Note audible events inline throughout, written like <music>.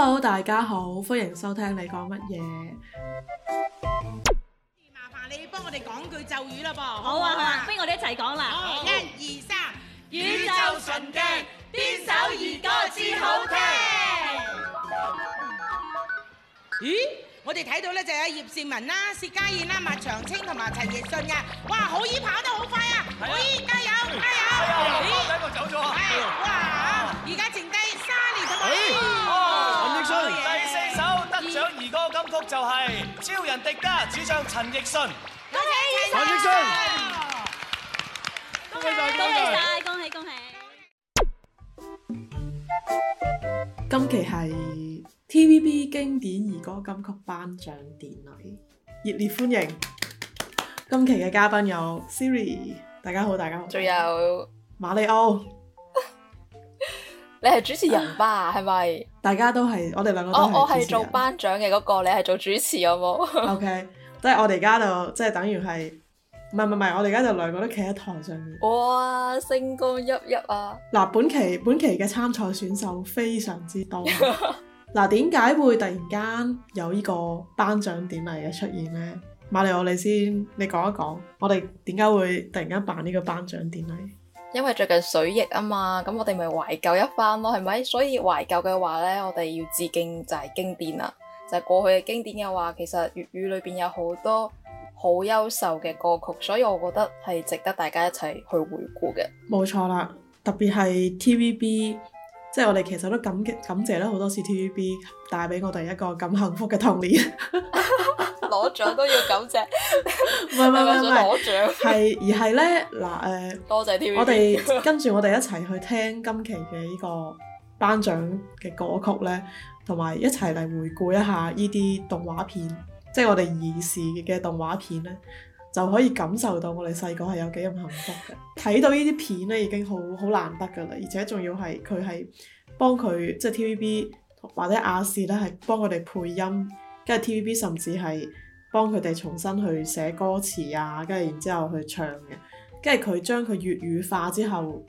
hello，大家好，歡迎收聽你講乜嘢？麻煩你幫我哋講句咒語啦，噃好啊好啊，俾我哋一齊講啦。一二三，宇宙神技，邊首兒歌至好聽？咦？我哋睇到咧就有葉倩文啦、薛家燕啦、麥長青同埋陳奕迅啊！哇，可以跑得好快啊！可以加油加油！咦？邊個走咗啊？哇！而家剩低。金曲就係《超人迪加》，主唱陳奕迅。恭喜陳奕迅！恭喜大家，恭喜恭喜！今期係 TVB 經典兒歌金曲頒獎典禮，熱烈歡迎！今期嘅嘉賓有 Siri，大家好，大家好。仲有瑪利奧。你係主持人吧，係咪、啊？係係，大家都係，我哋兩個都係主持人、哦、我我係做頒獎嘅嗰個，你係做主持有冇？OK，即係我哋而家就即係等於係，唔係唔係，我哋而家就兩個都企喺台上面。哇，星光熠熠啊！嗱、啊，本期本期嘅參賽選手非常之多。嗱、 <laughs> 啊，點解會突然間有呢個頒獎典禮嘅出現呢？瑪利奧，我哋先，你講一講，我哋點解會突然間辦呢個頒獎典禮？因為最近水逆啊嘛，咁我哋咪懷舊一番咯，係咪？所以懷舊嘅話呢，我哋要致敬就係經典啦，就係、是、過去嘅經典嘅話，其實粵語裏邊有好多好優秀嘅歌曲，所以我覺得係值得大家一齊去回顧嘅。冇錯啦，特別係 TVB，即係我哋其實都感激感謝啦，好多次 TVB 帶俾我哋一個咁幸福嘅童年。 <laughs> <laughs> 攞 <laughs> 獎都要九隻，唔係唔係攞獎，係而係咧嗱誒， <laughs> 呃、多謝 TVB，我哋們 <laughs> 跟住我哋一齊去聽今期嘅呢個頒獎嘅歌曲咧，同埋一齊嚟回顧一下呢啲動畫片，即係我哋兒時嘅動畫片咧，就可以感受到我哋細個係有幾咁幸福嘅，睇 <laughs> 到呢啲片咧已經好好難得噶啦，而且仲要係佢係幫佢即係 TVB 或者亞視咧係幫佢哋配音，跟住 TVB 甚至係。幫佢哋重新去寫歌詞啊，跟住然之後去唱嘅，跟住佢將佢粵語化之後，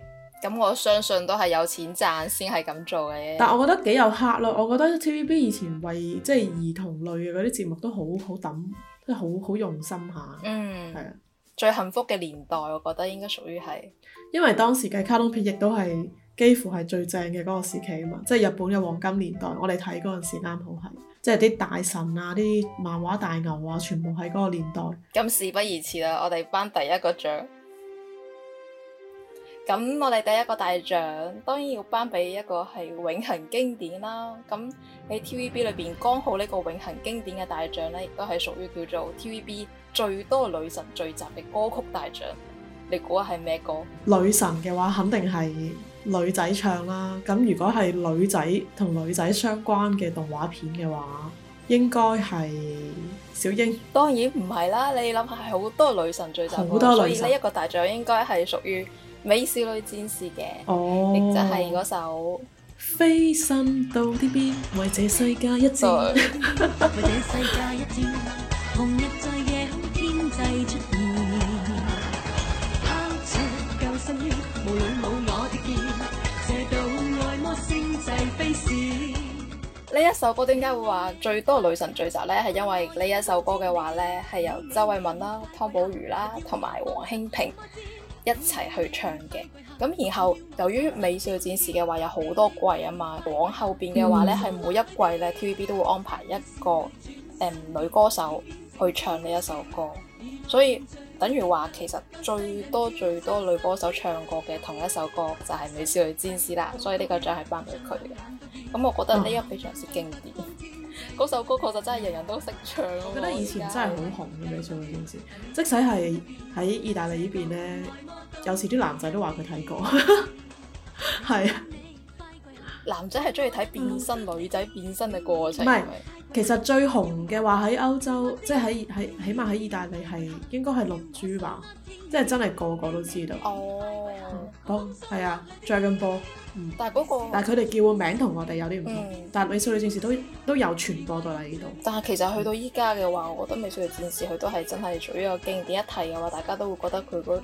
咁我相信都係有錢賺先係咁做嘅。但我覺得幾有黑咯，我覺得 TVB 以前為即係兒童類嘅嗰啲節目都好好抌，即係好好用心下。嗯，係啊，最幸福嘅年代，我覺得應該屬於係，因為當時嘅卡通片亦都係幾乎係最正嘅嗰個時期啊嘛，即係日本嘅黃金年代，我哋睇嗰陣時啱好係。即係啲大神啊，啲漫畫大牛啊，全部喺嗰個年代。咁事不宜遲啦，我哋頒第一個獎。咁我哋第一個大獎，當然要頒俾一個係永恆經典啦。咁喺 TVB 裏邊，剛好呢個永恆經典嘅大獎咧，亦都係屬於叫做 TVB 最多女神聚集嘅歌曲大獎。你估下係咩歌？女神嘅話，肯定係。女仔唱啦，咁如果係女仔同女仔相關嘅動畫片嘅話，應該係小英。當然唔係啦，你諗下，係好多女神最聚集，好多女神，所以咧一個大獎應該係屬於《美少女戰士》嘅，oh, 就係嗰首。飛身到天邊，為這世界一戰。為這世界一戰，紅日在夜空天際出現。呢一首歌點解會話最多女神聚集呢？係因為呢一首歌嘅話呢，係由周慧敏啦、湯寶如啦同埋王馨平一齊去唱嘅。咁然後由於《美少女戰士》嘅話有好多季啊嘛，往後邊嘅話呢，係、嗯、每一季呢 TVB 都會安排一個誒、呃、女歌手去唱呢一首歌，所以等於話其實最多最多女歌手唱過嘅同一首歌就係《美少女戰士》啦，所以呢個獎係頒俾佢嘅。咁我覺得呢一，非常之經典，嗰首歌曲就真係人人都識唱。我覺得以前真係好紅嘅《美少女戰士》，嗯，即使係喺意大利呢邊咧，有時啲男仔都話佢睇過，係 <laughs> 是男仔係中意睇變身女仔變身嘅過程。其實最紅嘅話喺歐洲，即係喺喺起碼喺意大利係應該係龍珠吧，即係真係個個都知道哦。好係、哦、啊，Dragon Ball，但係、那、嗰個但係佢哋叫個名同我哋有啲唔同，嗯、但係美少女戰士都都有傳播到嚟呢度。但係其實去到依家嘅話，我覺得美少女戰士佢都係真係屬於一個經典一提嘅話，大家都會覺得佢嗰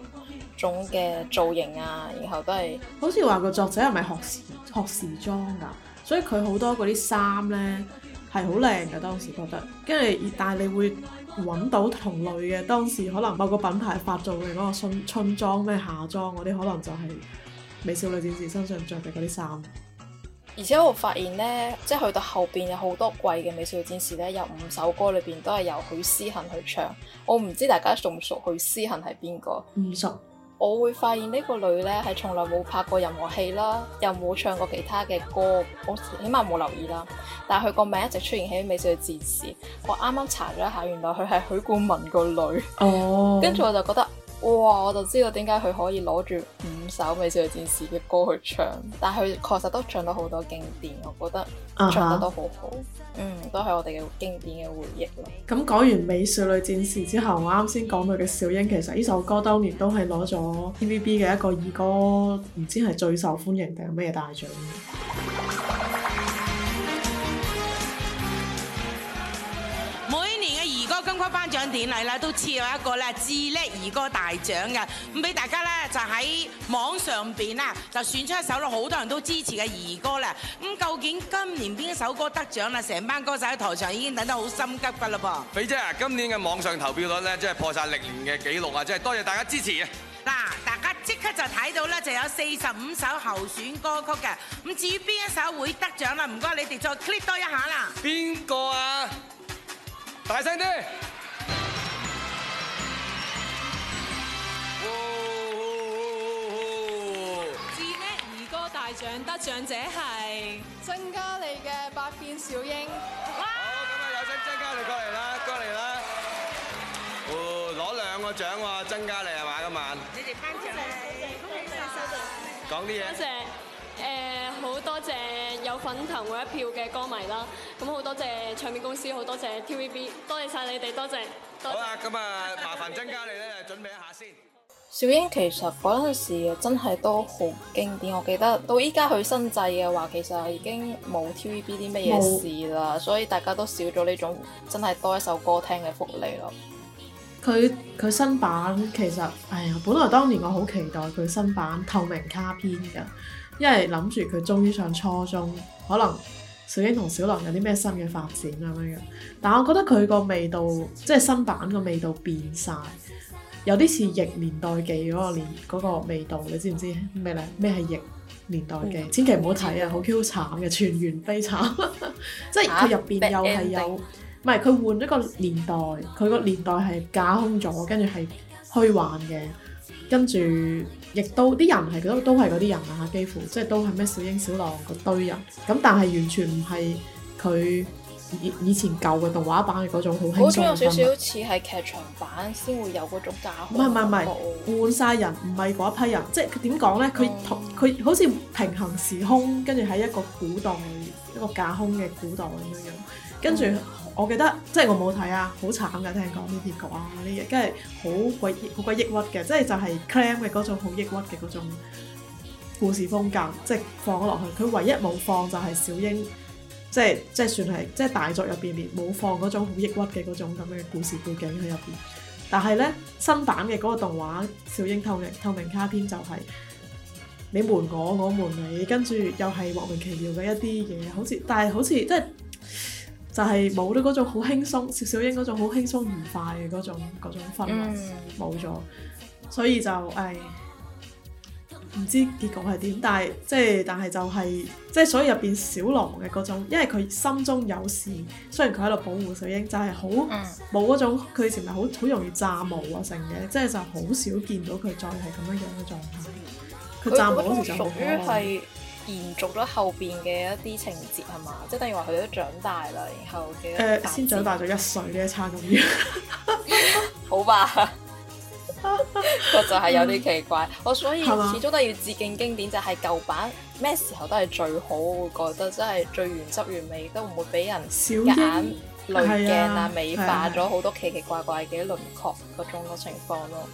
種嘅造型啊，然後都係好似話個作者係咪學時學時裝㗎？所以佢好多嗰啲衫咧。係好靚噶，當時覺得。跟住但係你會揾到同類嘅，當時可能某個品牌發造嘅嗰個春春裝咩夏裝，嗰啲可能就係美少女戰士身上着嘅嗰啲衫。而且我發現呢，即係去到後邊有好多季嘅美少女戰士呢，有五首歌裏邊都係由許思恆去唱。我唔知大家熟唔熟許思恆係邊個？唔熟。我會發現呢個女咧，係從來冇拍過任何戲啦，又冇唱過其他嘅歌，我起碼冇留意啦。但係佢個名一直出現喺美少女戰士，我啱啱查咗一下，原來佢係許冠文個女，oh. 跟住我就覺得。哇！我就知道點解佢可以攞住五首《美少女戰士》嘅歌去唱，但係佢確實都唱到好多經典，我覺得唱得都好好，啊、哈嗯，都係我哋嘅經典嘅回憶咁講、嗯、完《美少女戰士》之後，我啱先講到嘅小英，其實呢首歌當年都係攞咗 TVB 嘅一個兒歌，唔知係最受歡迎定係咩大獎。金曲頒獎典禮咧都設有一個咧至 Net 兒歌大獎嘅，咁俾大家咧就喺網上邊啊就選出一首好多人都支持嘅兒歌啦。咁究竟今年邊一首歌得獎啦？成班歌手喺台上已經等得好心急㗎啦噃！肥姐啊，今年嘅網上投票率咧即係破晒歷年嘅紀錄啊！即係多謝大家支持啊！嗱，大家即刻就睇到咧就有四十五首候選歌曲嘅，咁至於邊一首會得獎啦？唔該你哋再 click 多一下啦。邊個啊？大聲啲！哦！至 Net 兒歌大獎得獎者係曾嘉莉嘅《百變小櫻》。好，咁啊有請曾嘉莉過嚟啦，過嚟啦！哦，攞兩個獎喎，曾嘉莉係嘛？咁啊？今晚你哋頒獎，恭喜曬收到。講啲嘢。多謝。誒。好多謝有份投我一票嘅歌迷啦，咁好多謝唱片公司，好多謝 TVB，多謝晒你哋，多謝。多謝，好啦，咁啊，麻煩曾嘉莉你咧 <laughs> 準備一下先。小櫻其實嗰陣時啊，真係都好經典，我記得到依家去新製嘅話，其實已經冇 TVB 啲乜嘢事啦，沒所以大家都少咗呢種真係多一首歌聽嘅福利咯。佢佢新版其實，哎呀，本來當年我好期待佢新版透明卡片嘅。因為諗住佢終於上初中，可能小英同小狼有啲咩新嘅發展咁樣樣，但係我覺得佢個味道，即係新版個味道變晒，有啲似逆年代記嗰個年嗰個味道，你知唔知咩咧？咩係逆年代記？千祈唔好睇啊，好 Q 慘嘅，啊，全員悲慘， <laughs> 即係佢入邊又係有，唔係佢換咗個年代，佢個年代係架空咗，跟住係虛幻嘅，跟住。亦都啲人係都都係嗰啲人啊！嚇，幾乎即係都係咩小英小狼嗰堆人。咁但係完全唔係佢以以前舊嘅動畫版嘅嗰種好輕鬆感。好有少少似係劇場版先會有嗰種架空。唔係唔係唔係，好換晒人，唔係嗰一批人。嗯、即係點講咧？佢同佢好似平行時空，跟住喺一個古代一個架空嘅古代咁樣，跟住。嗯。我記得，即係我冇睇啊，好慘㗎，聽講啲結局啊，呢嘢，跟係好鬼好鬼抑鬱嘅，即係就係 clam 嘅嗰種好抑鬱嘅嗰種故事風格，即係放咗落去。佢唯一冇放就係小櫻，即係即係算係即係大作入邊面冇放嗰種好抑鬱嘅嗰種咁嘅故事背景喺入邊。但係咧新版嘅嗰個動畫《小櫻透明透明卡片》就係你瞞我，我瞞你，跟住又係莫名其妙嘅一啲嘢，好似但係好似即係。就係冇咗嗰種好輕鬆，小少櫻嗰種好輕鬆愉快嘅嗰種嗰種氛圍冇咗，所以就誒，唔知結局係點，但係即係但係就係、是、即係所以入邊小狼嘅嗰種，因為佢心中有事，雖然佢喺度保護小櫻，就係好冇嗰種佢以前係好好容易炸毛啊成嘅，嗯、即係就好少見到佢再係咁樣樣嘅狀態。佢炸毛時就屬於係。延續咗後邊嘅一啲情節係嘛？即係等於話佢哋都長大啦，然後嘅誒、uh, 先長大咗一歲呢一餐咁樣， <laughs> 好吧？個 <laughs> <laughs> <laughs> 就係有啲奇怪。我、 <laughs> oh, 所以始終都要致敬經典，就係、是、舊版咩時候都係最好，我會覺得真係最原汁原味，都唔會俾人一眼濾鏡英啊、美化咗好多奇奇怪怪嘅輪廓嗰種嘅情況咯。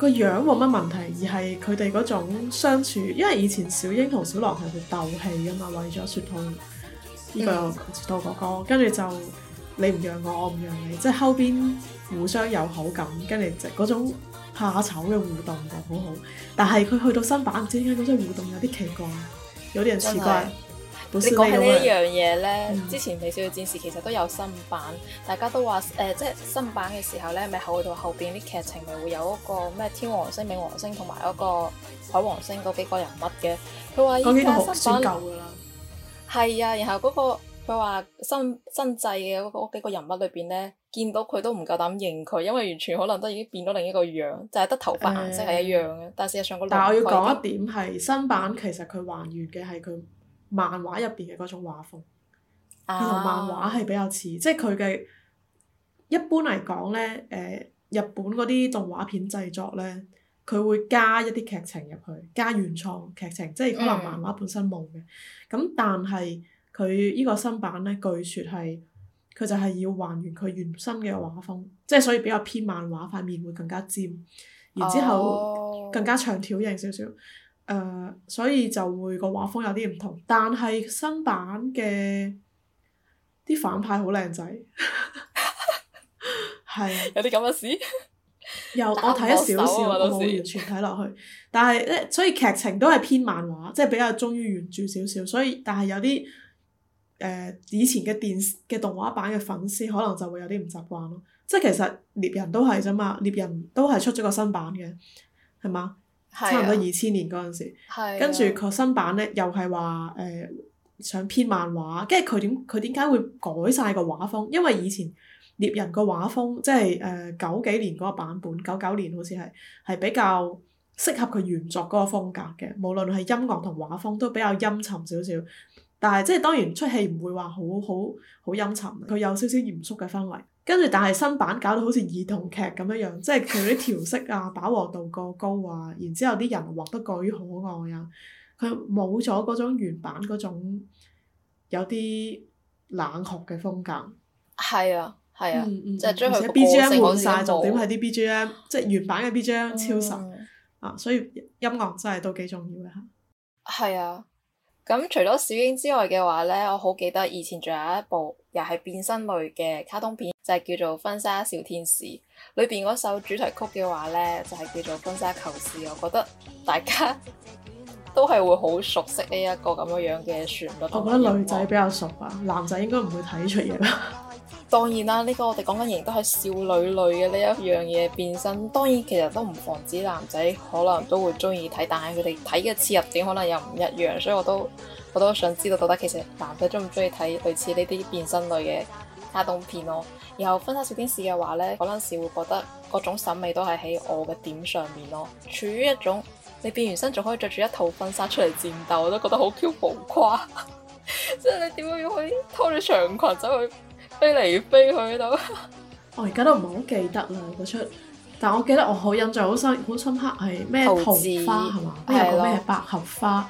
個樣冇乜問題，而係佢哋嗰種相處，因為以前小英同小狼係度鬥氣㗎嘛，為咗雪兔呢個雪兔 Yeah. 哥哥。跟住就你唔讓我，我唔讓你，即係後邊互相有好感，跟住就係嗰種怕醜嘅互動就好好，但係佢去到新版，唔知點解嗰種互動有啲奇怪，有啲人奇怪。你講起呢一樣嘢咧，嗯、之前《美少女戰士》其實都有新版，大家都話誒、呃，即係新版嘅時候咧，咪後到後邊啲劇情咪會有嗰個咩天王星、冥王星同埋嗰個海王星嗰幾個人物嘅。佢話講呢套好少夠噶啦。係、嗯、啊，然後嗰、那個佢話新新製嘅嗰嗰幾個人物裏邊咧，見到佢都唔夠膽認佢，因為完全可能都已經變到另一個樣，就係、是、得頭髮顏色係一樣嘅。嗯、但事實上個，但我要講一點係新版其實佢還原嘅係佢。漫畫入邊嘅嗰種畫風，佢同漫畫係比較似，oh. 即係佢嘅一般嚟講咧，誒日本嗰啲動畫片製作咧，佢會加一啲劇情入去，加原創劇情，即係可能漫畫本身冇嘅。咁、mm. 但係佢呢個新版咧，據説係佢就係要還原佢原生嘅畫風，mm. 即係所以比較偏漫畫塊面會更加尖，oh. 然之後更加長條形少少。誒，uh, 所以就會個畫風有啲唔同，但係新版嘅啲反派好靚仔，係有啲咁嘅事。又 <laughs> 我睇咗少少，冇、啊、完全睇落去。 <laughs> 但係咧，所以劇情都係偏漫畫，即、就、係、是、比較忠於原著少少。所以，但係有啲誒、呃、以前嘅電視嘅動畫版嘅粉絲，可能就會有啲唔習慣咯。即係其實獵人都係啫嘛，獵人都係出咗個新版嘅，係嘛？差唔多二千年嗰陣時，跟住佢新版咧又係話誒想編漫畫，跟住佢點佢點解會改晒個畫風？因為以前獵人個畫風即係誒、呃、九幾年嗰個版本，九九年好似係係比較適合佢原作嗰個風格嘅，無論係音樂同畫風都比較陰沉少少。但係即係當然出戲唔會話好好好陰沉，佢有少少嚴肅嘅氛圍。跟住，但係新版搞到好似兒童劇咁樣樣，即係佢啲調色啊、飽和度過高啊，然之後啲人畫得過於可愛啊，佢冇咗嗰種原版嗰種有啲冷酷嘅風格。係啊，係啊，即係將佢。而且 BGM 換曬，重點係啲 BGM，即係原版嘅 BGM 超神、嗯嗯、啊！所以音樂真係都幾重要嘅嚇。係啊。咁除咗小英之外嘅話呢，我好記得以前仲有一部又係變身類嘅卡通片，就係叫做《婚紗小天使》。裏邊嗰首主題曲嘅話呢，就係叫做《婚紗求事》。我覺得大家都係會好熟悉呢一個咁樣樣嘅旋律。我覺得女仔比較熟啊，男仔應該唔會睇出嘢啦。 <laughs> 當然啦，呢個我哋講緊仍都係少女類嘅呢一樣嘢變身。當然其實都唔防止男仔可能都會中意睇，但係佢哋睇嘅切入點可能又唔一樣，所以我都我都想知道到底其實男仔中唔中意睇類似呢啲變身類嘅卡通片咯、啊。然後婚紗小天使嘅話呢，呢陣時會覺得各種審美都係喺我嘅點上面咯、啊。處於一種你變完身仲可以着住一套婚紗出嚟戰鬥，我都覺得好 Q 浮誇。即係你點樣要去拖住長裙走去？飛嚟飛去度，悲悲我而家都唔係好記得啦嗰出，但我記得我好印象好深好深刻係咩桃花係咩？係百合花，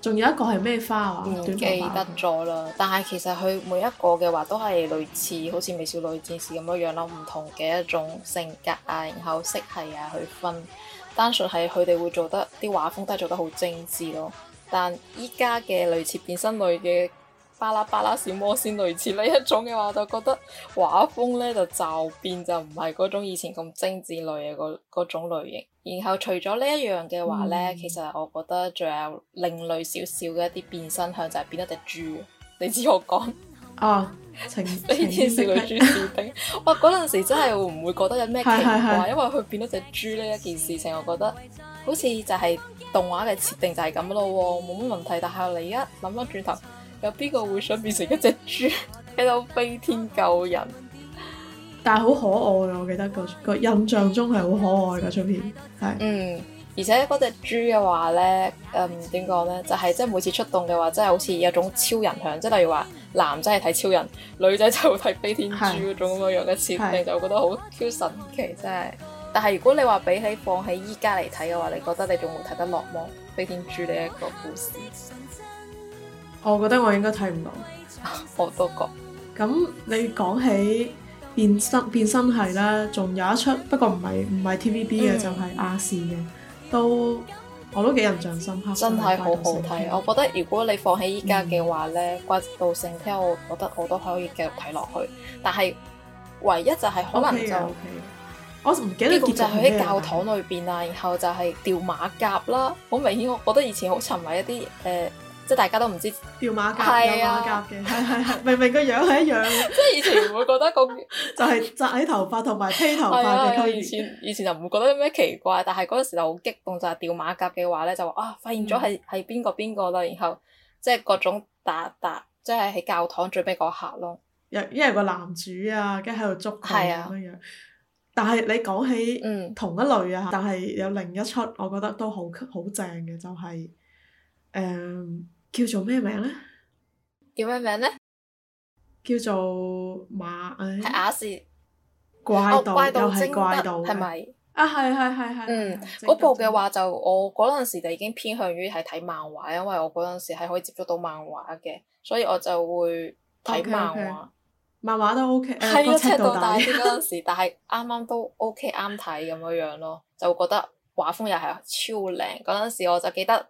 仲有一個係咩花啊？唔、嗯、記得咗啦。但係其實佢每一個嘅話都係類似，好似美少女戰士咁樣樣咯，唔同嘅一種性格啊，然後色系啊去分。單純係佢哋會做得啲畫風都係做得好精緻咯。但依家嘅類似變身類嘅。巴拉巴拉小魔仙類似呢一種嘅話，就覺得畫風咧就驟變，就唔係嗰種以前咁精緻類嘅嗰嗰種類型。然後除咗呢一樣嘅話咧，嗯、其實我覺得仲有另類少少嘅一啲變身向就係變咗隻豬，你知我講啊？飛天少女豬事丁， <laughs> 哇！嗰陣時真係會唔會覺得有咩奇怪？是是因為佢變咗隻豬呢一件事情，我覺得好似就係動畫嘅設定就係咁咯，冇乜問題。但係你一諗翻轉頭。有邊個會想變成一隻豬喺度飛天救人？但係好可愛嘅，我記得、嗰個、嗰個印象中係好可愛嘅出片，係嗯，而且嗰隻豬嘅話咧，嗯點講咧，就係即係每次出動嘅話，真、就、係、是、好似有種超人響，即、就、係、是、例如話男仔係睇超人，女仔就睇飛天豬嗰種咁是樣樣嘅設定，是就覺得好超神奇，真係。但係如果你話比起放喺依家嚟睇嘅話，你覺得你仲會睇得落麼？飛天豬呢一個故事？我覺得我應該睇唔到， <laughs> 我都覺。咁你講起變身變身，係啦，仲有一出，不過唔係唔係 TVB 嘅，TV 嗯、就係亞視嘅，都我都幾印象深刻。真係好好睇，我覺得如果你放喺依家嘅話咧，怪盜聖 Tail，我覺得我都可以繼續睇落去，但係唯一就係可能就 okay, okay. 我唔記得咗。就係喺教堂裏邊啊， <laughs> 然後就係掉馬甲啦，好明顯，我覺得以前好沉迷一啲誒。呃即係大家都唔知掉馬甲有馬甲嘅，係係係，明明個樣係一樣。 <laughs> 即係以前唔會覺得個 <laughs> 就係扎起頭髮同埋披頭髮嘅、啊啊。以前以前就唔會覺得有咩奇怪，但係嗰陣時就好激動，就係、是、掉馬甲嘅話咧，就話啊發現咗係係邊個邊個啦，然後即係、就是、各種打打，即係喺教堂最尾嗰刻咯。因為個男主啊，跟住喺度捉佢咁、啊、樣。但係你講起、嗯、同一類啊，但係有另一出，我覺得都好好正嘅，就係、是、誒。嗯叫做咩名咧？叫咩名咧？叫做馬，係亞視怪盜，怪盜精係咪？啊，係係係係。嗯，嗰部嘅話就我嗰陣時就已經偏向於係睇漫畫，因為我嗰陣時係可以接觸到漫畫嘅，所以我就會睇漫畫。漫畫都 O K。係啊，直到大啲嗰陣時，但係啱啱都 O K，啱睇咁樣樣咯，就會覺得畫風又係超靚。嗰陣時我就記得。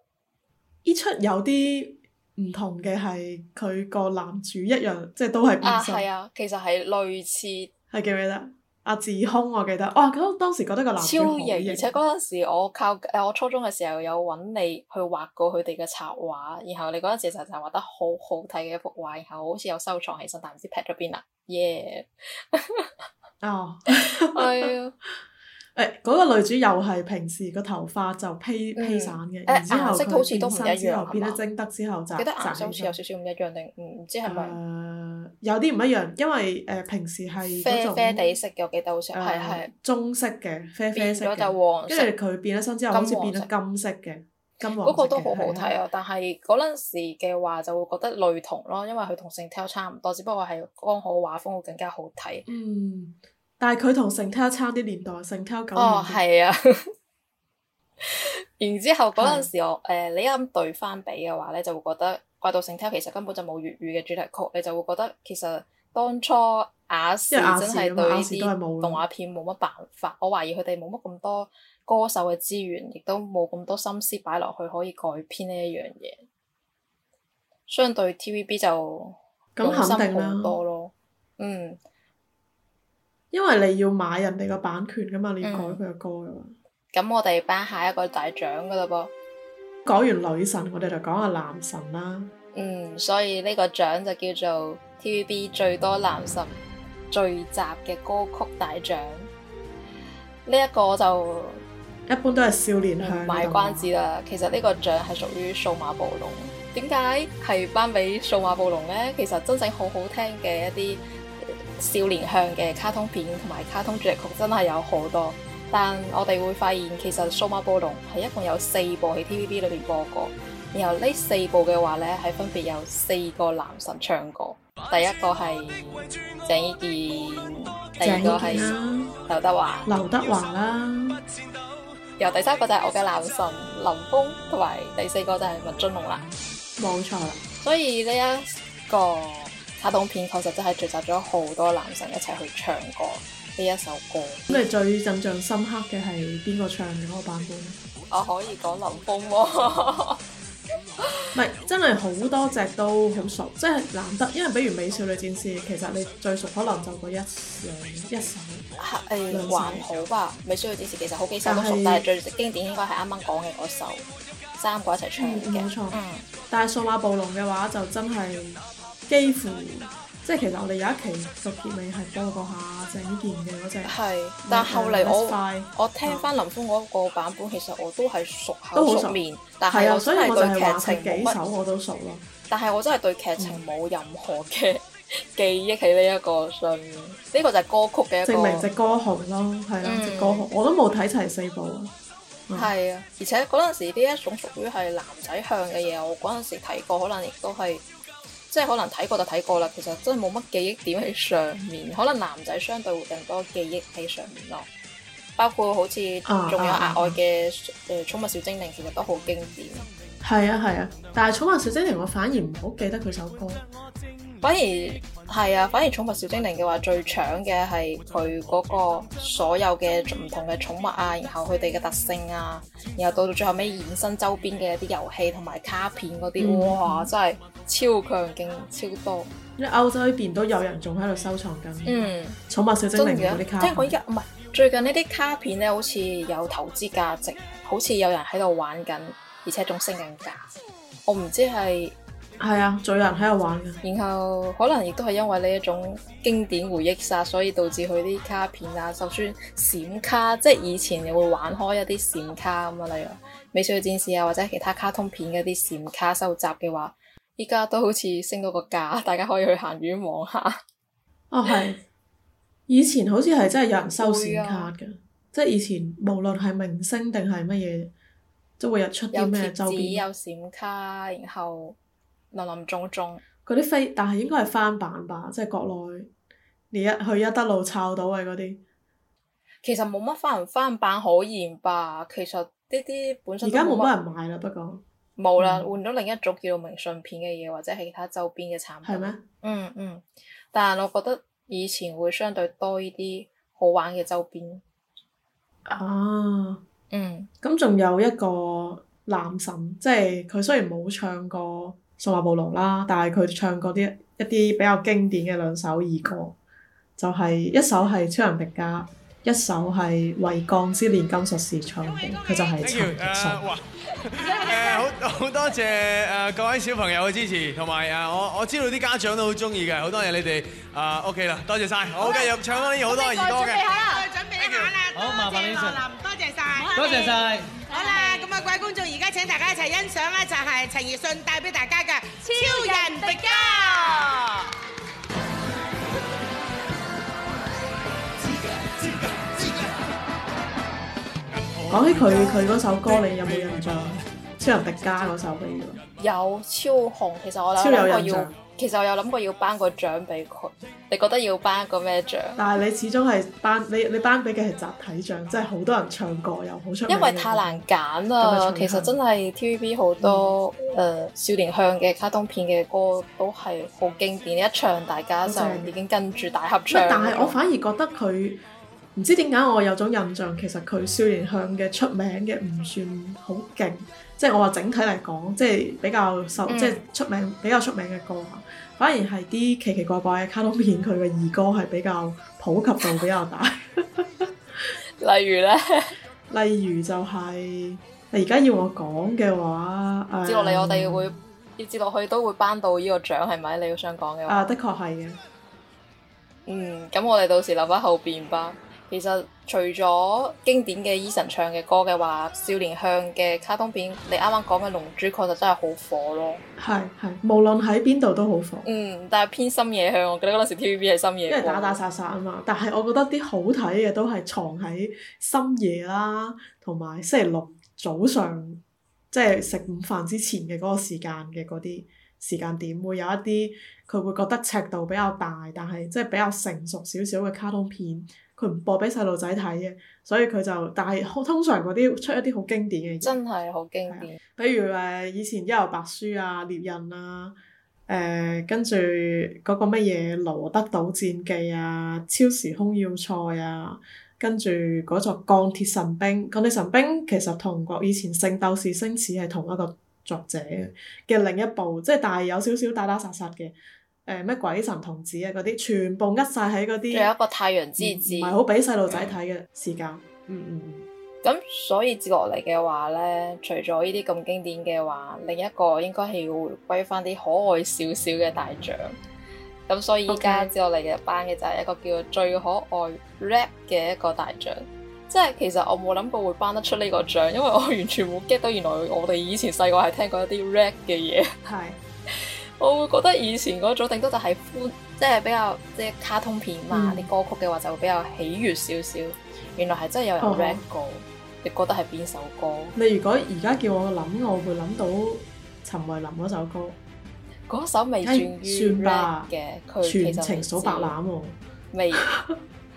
呢出有啲唔同嘅係佢個男主一樣，即係都係變身。啊，啊，其實係類似。係記唔記得？阿、啊、志空我記得，哇、哦！咁當時覺得個男主超型，而且嗰陣時我靠我初中嘅時候有揾你去畫過佢哋嘅插畫，然後你嗰陣時就就畫得好好睇嘅一幅畫，然後好似有收藏起身，但唔知劈咗邊啦。耶、yeah. <laughs> 哦，係 <laughs> 啊、哎呦。 <laughs> 誒嗰、哎那個女主又係平時個頭髮就披披、嗯、散嘅，然後之後佢變身之後變咗貞德之後就，記得顏色好似有少少唔一樣定唔知係咪？有啲唔一樣，因為誒、呃、平時係啡啡地色嘅，我記得好似，係係棕色嘅啡啡色，就黃色，跟住佢變咗身之後好似變咗金色嘅金黃色嗰個都好好睇啊！的但係嗰陣時嘅話就會覺得類同咯，因為佢同《聖塔》差唔多，只不過係剛好，畫風會更加好睇。嗯。但係佢同聖偷差啲年代，聖偷咁。哦，係啊。 <laughs> 然之後嗰陣時我誒是、呃，你一咁對翻比嘅話咧，就會覺得怪盜聖偷其實根本就冇粵語嘅主題曲，你就會覺得其實當初亞、啊、視真係對呢啲動畫片冇乜辦法。我懷疑佢哋冇乜咁多歌手嘅資源，亦都冇咁多心思擺落去可以改編呢一樣嘢。相對 TVB 就咁用心好多咯，嗯。因為你要買人哋個版權噶嘛，你要改佢嘅歌噶嘛。咁、嗯、我哋頒下一個大獎噶啦噃。講完女神，我哋就講下男神啦。嗯，所以呢個獎就叫做 TVB 最多男神聚集嘅歌曲大獎。呢、這、一個就一般都係少年向賣關子啦。其實呢個獎係屬於數碼暴龍。點解係頒俾數碼暴龍呢？其實真正好好聽嘅一啲。少年向嘅卡通片同埋卡通主題曲真係有好多，但我哋會發現其實《數碼暴龍》係一共有四部喺 TVB 裏面播過，然後呢四部嘅話咧係分別有四個男神唱過，第一個係鄭伊健，第二個係、啊、劉德華，劉德華啦，然後第三個就係我嘅男神林峯，同埋第四個就係麥俊龍啦，冇錯啦，所以呢、這、一個。卡通、啊、片確實真係聚集咗好多男神一齊去唱歌呢一首歌。咁、嗯、你最印象深刻嘅係邊個唱嘅嗰個版本？我可以講林峯喎、哦，唔 <laughs> 係真係好多隻都好熟，即係難得。因為比如《美少女戰士》，其實你最熟可能就嗰一、一首，誒、啊欸、首還好吧，《美少女戰士》其實好幾首都熟，但係是最經典應該係啱啱講嘅嗰首，三個一齊唱嘅。冇錯、嗯，錯嗯、但係數碼暴龍嘅話就真係。幾乎即係其實我哋有一期熟結尾係多過下鄭伊健嘅嗰隻，係、啊，但後嚟我、嗯、我，我聽翻林峯嗰個版本，啊、其實我都係熟口熟面，熟但係是我，我真以我就情幾首我都熟咯。但係我真係對劇情冇任何嘅記憶喺呢、嗯、一個上面。呢個就係歌曲嘅一個證明，隻歌紅咯，係啦，隻、嗯、歌紅我都冇睇齊四部。係啊、嗯，而且嗰陣時呢一種屬於係男仔向嘅嘢，我嗰陣時睇過，可能亦都係。即係可能睇過就睇過啦，其實真係冇乜記憶點喺上面，嗯、可能男仔相對會更多記憶喺上面咯。包括好似仲有，有額外嘅誒、啊嗯呃《寵物小精靈》，其實都好經典。係啊係啊，但係《寵物小精靈》我反而唔好記得佢首歌。反而……係啊，反而寵物小精靈嘅話最搶嘅係佢嗰個所有嘅唔同嘅寵物啊，然後佢哋嘅特性啊，然後到到最後尾衍生周邊嘅一啲遊戲同埋卡片嗰啲，嗯、哇，真係超強勁，超多。因為歐、嗯、洲呢邊都有人仲喺度收藏緊。嗯，寵物小精靈嗰啲卡、嗯。真噶，聽我依家唔係最近呢啲卡片咧，好似有投資價值，好似有人喺度玩緊，而且仲升緊價。我唔知係。係啊，仲有人喺度玩嘅。然後可能亦都係因為呢一種經典回憶殺，所以導致佢啲卡片啊，就算閃卡，即係以前你會玩開一啲閃卡咁啊。例如《美少女戰士》啊，或者其他卡通片嘅啲閃卡收集嘅話，依家都好似升到個價，大家可以去行遠望下。哦，係。以前好似係真係有人收閃卡嘅，啊、即係以前無論係明星定係乜嘢，都會日出有出啲咩周邊，有閃卡，然後。林林總總嗰啲飛，但係應該係翻版吧？即係國內你一去一德路抄到嘅嗰啲，其實冇乜翻唔翻版可言吧？其實呢啲本身而家冇乜人買啦，不過冇啦，嗯、換咗另一種叫做明信片嘅嘢，或者係其他周邊嘅產品。係咩嗎？嗯嗯，但係我覺得以前會相對多呢啲好玩嘅周邊啊。嗯，咁仲、嗯、有一個男神，即係佢雖然冇唱過。數碼暴龍啦，但係佢唱過啲一啲比較經典嘅兩首兒歌，就係、是、一首係超人迪加，一首係為鋼之煉金術士唱嘅，佢就係陳奕迅。誒、uh, 呃，好、呃、好多謝誒、呃、各位小朋友嘅支持，同埋啊我我知道啲家長都好中意嘅，好多謝你哋啊、呃、OK 啦，多謝晒，好嘅吧，又唱咗好多兒歌嘅。好準備下啦，好麻煩你啦，多謝晒，多謝晒。好各位觀眾，而家請大家一齊欣賞咧，就係陳奕迅帶俾大家嘅《超人迪迦》。講起佢佢嗰首歌，你有冇印象？《超人迪迦》嗰首歌有超紅，其實我諗我要。其實我有諗過要頒個獎俾佢，你覺得要頒一個咩獎？但係你始終係頒你你頒俾嘅係集體獎，即係好多人唱過又好出名嘅歌，因為太難揀啦。其實真係 TVB 好多誒、嗯呃、少年向嘅卡通片嘅歌都係好經典，一唱大家就已經跟住大合唱。但係我反而覺得佢唔知點解我有種印象，其實佢少年向嘅出名嘅唔算好勁，即係我話整體嚟講，即係比較受、嗯、即係出名比較出名嘅歌反而係啲奇奇怪怪嘅卡通片，佢嘅兒歌係比較普及度比較大。 <laughs> <laughs> 例如咧呢，例如就係、是，你而家要我講嘅話，接落嚟我哋會接落去都會頒到呢個獎係咪？你要想講嘅話，啊，的確係嘅。嗯，咁我哋到時留翻後邊吧。其實除咗經典嘅 Eason 唱嘅歌嘅話，少年向嘅卡通片，你啱啱講嘅《龍珠》確實真係好火咯。係係，無論喺邊度都好火。嗯，但係偏深夜向，我覺得嗰陣時 TVB 係深夜，因為打打殺殺啊嘛。但係我覺得啲好睇嘅都係藏喺深夜啦、啊，同埋星期六早上，即係食午飯之前嘅嗰個時間嘅嗰啲時間點，會有一啲佢會覺得尺度比較大，但係即係比較成熟少少嘅卡通片。佢唔播俾細路仔睇嘅，所以佢就，但係通常嗰啲出一啲好經典嘅嘢，真係好經典。啊、比如誒、啊，以前《幽遊白書》啊，《獵人》啊，誒跟住嗰個乜嘢《羅德島戰記》啊，《超時空要塞》啊，跟住嗰座鋼鐵神兵。鋼鐵神兵其實同國以前《聖鬥士星矢》係同一個作者嘅另一部，即係、嗯、但係有少少打打殺殺嘅。誒，咩、呃、鬼神童子啊，嗰啲全部呃晒喺嗰啲，仲有一個太陽之子，唔係好俾細路仔睇嘅時間。嗯嗯嗯。咁、嗯嗯、所以接落嚟嘅話咧，除咗呢啲咁經典嘅話，另一個應該係要歸回歸翻啲可愛少少嘅大獎。咁所以而家接落嚟嘅班嘅就係一個叫做最可愛 rap 嘅一個大獎。Okay. 即係其實我冇諗過會頒得出呢個獎，因為我完全冇 get 到原來我哋以前細個係聽過一啲 rap 嘅嘢。係。我會覺得以前嗰種最多就係歡，即係比較即係卡通片嘛啲，嗯、歌曲嘅話就會比較喜悦少少。原來係真係有人 rap 過。哦、你覺得係邊首歌？你如果而家叫我諗，我會諗到陳慧琳嗰首歌，嗰首未轉於 rap 嘅，全程數白欖，啊，未。 <laughs>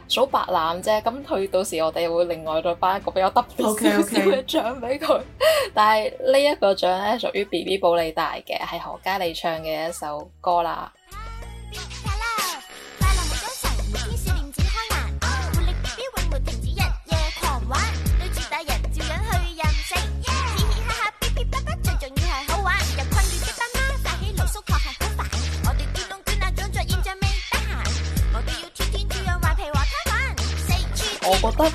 數白欖啫，咁佢到時我哋會另外再頒一個比較特別少少嘅獎俾佢， <laughs> 但係呢一個獎咧，屬於 B B 保你大嘅，係何嘉莉唱嘅一首歌啦。覺得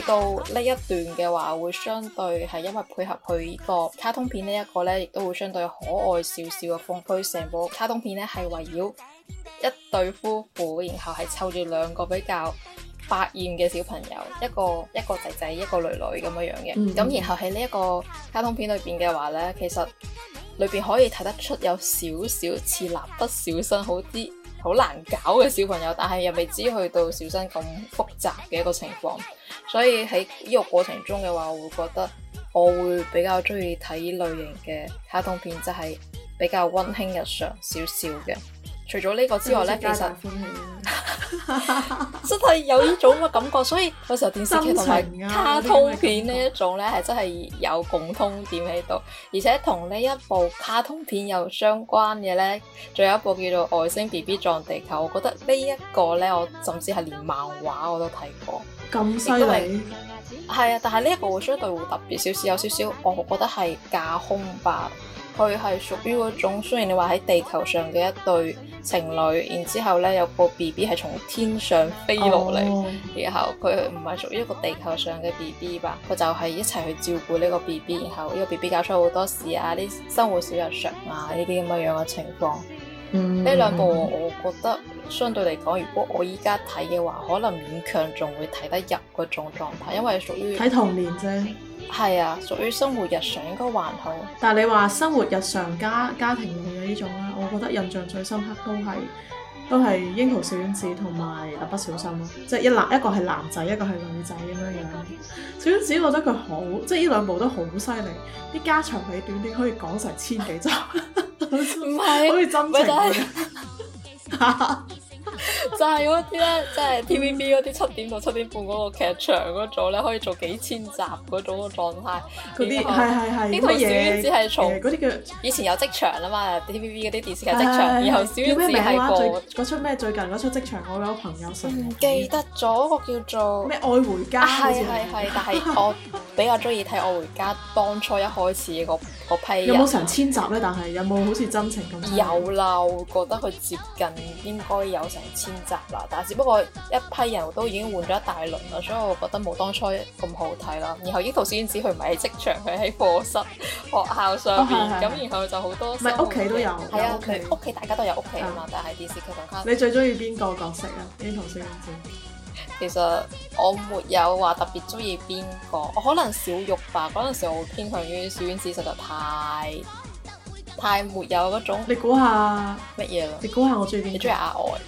去到呢一段嘅話，會相對係，因為配合佢呢、這個卡通片呢一個呢，亦都會相對可愛少少嘅風。佢成 <music> 部卡通片呢係圍繞一對夫婦，然後係湊住兩個比較百厭嘅小朋友，一個一個仔仔，一個女女咁樣樣嘅。咁、嗯、然後喺呢一個卡通片裏邊嘅話呢，其實裏邊可以睇得出有少少似蠟《蠟筆小新》好啲。好難搞嘅小朋友，但係又未知去到小新咁複雜嘅一個情況，所以喺呢個過程中嘅話，我會覺得我會比較中意睇呢類型嘅卡通片，就係比較溫馨日常少少嘅。除咗呢個之外呢，的其實 <laughs> <laughs> 真係有呢種嘅感覺， <laughs> 所以有時候電視劇同埋卡通片呢一種呢，係真係有共通點喺度。而且同呢一部卡通片有相關嘅呢，仲有一部叫做《外星 BB 撞地球》，我覺得呢一個呢，我甚至係連漫畫我都睇過。咁犀利！係啊，但係呢一個會相對會特別少少，有少少我覺得係架空吧。佢係屬於嗰種，雖然你話喺地球上嘅一對情侶，然之後咧，有個 B B 係從天上飛落嚟，Oh. 然後佢唔係屬於一個地球上嘅 B B 吧，佢就係一齊去照顧呢個 B B，然後呢個 B B 搞出好多事啊，啲生活小日常啊呢啲咁嘅樣嘅情況。呢兩部我覺得相對嚟講，如果我依家睇嘅話，可能勉強仲會睇得入嗰種狀態，因為屬於睇童年啫。係啊，屬於生活日常應該還好。但係你話生活日常家家庭用嘅呢種咧，我覺得印象最深刻都係都係《櫻桃小丸子》同埋《蠟筆小新》咯。即係一男一個係男仔，一個係女仔咁樣樣。雄小丸子我覺得佢好，即係呢兩部都好犀利，啲家長裏短啲可以講成千幾集，唔係 <laughs> 是， <laughs> 可以真情是。 <laughs> <laughs> 但係嗰啲咧，即係 TVB 嗰啲七點到七點半嗰個劇場嗰種咧，可以做幾千集嗰種嘅狀態。嗰啲係係係，呢套嘢先係從嗰啲叫以前有職場啊嘛，TVB 嗰啲電視劇職場，以後小少知係從嗰出咩最近嗰出職場，我有朋友識。唔記得咗個叫做咩愛回家。係係係，但係我比較中意睇《愛回家》當初一開始個個批人有冇成千集咧？但係有冇好似真情咁？有啦，我覺得佢接近應該有成千集。但係，只不過一批人都已經換咗一大輪啦，所以我覺得冇當初咁好睇啦。然後，櫻桃小丸子佢唔係喺職場，佢喺課室、學校上面，咁、哦，然後就好多唔係屋企都有，係啊，屋企大家都有屋企啊嘛，的但係電視劇同卡通。你最中意邊個角色啊？櫻桃小丸子其實我沒有話特別中意邊個，我可能小玉吧。嗰陣時我偏向於小丸子，實在太太沒有嗰種。你估下乜嘢啦？麼你估下我最中意，你中意阿愛？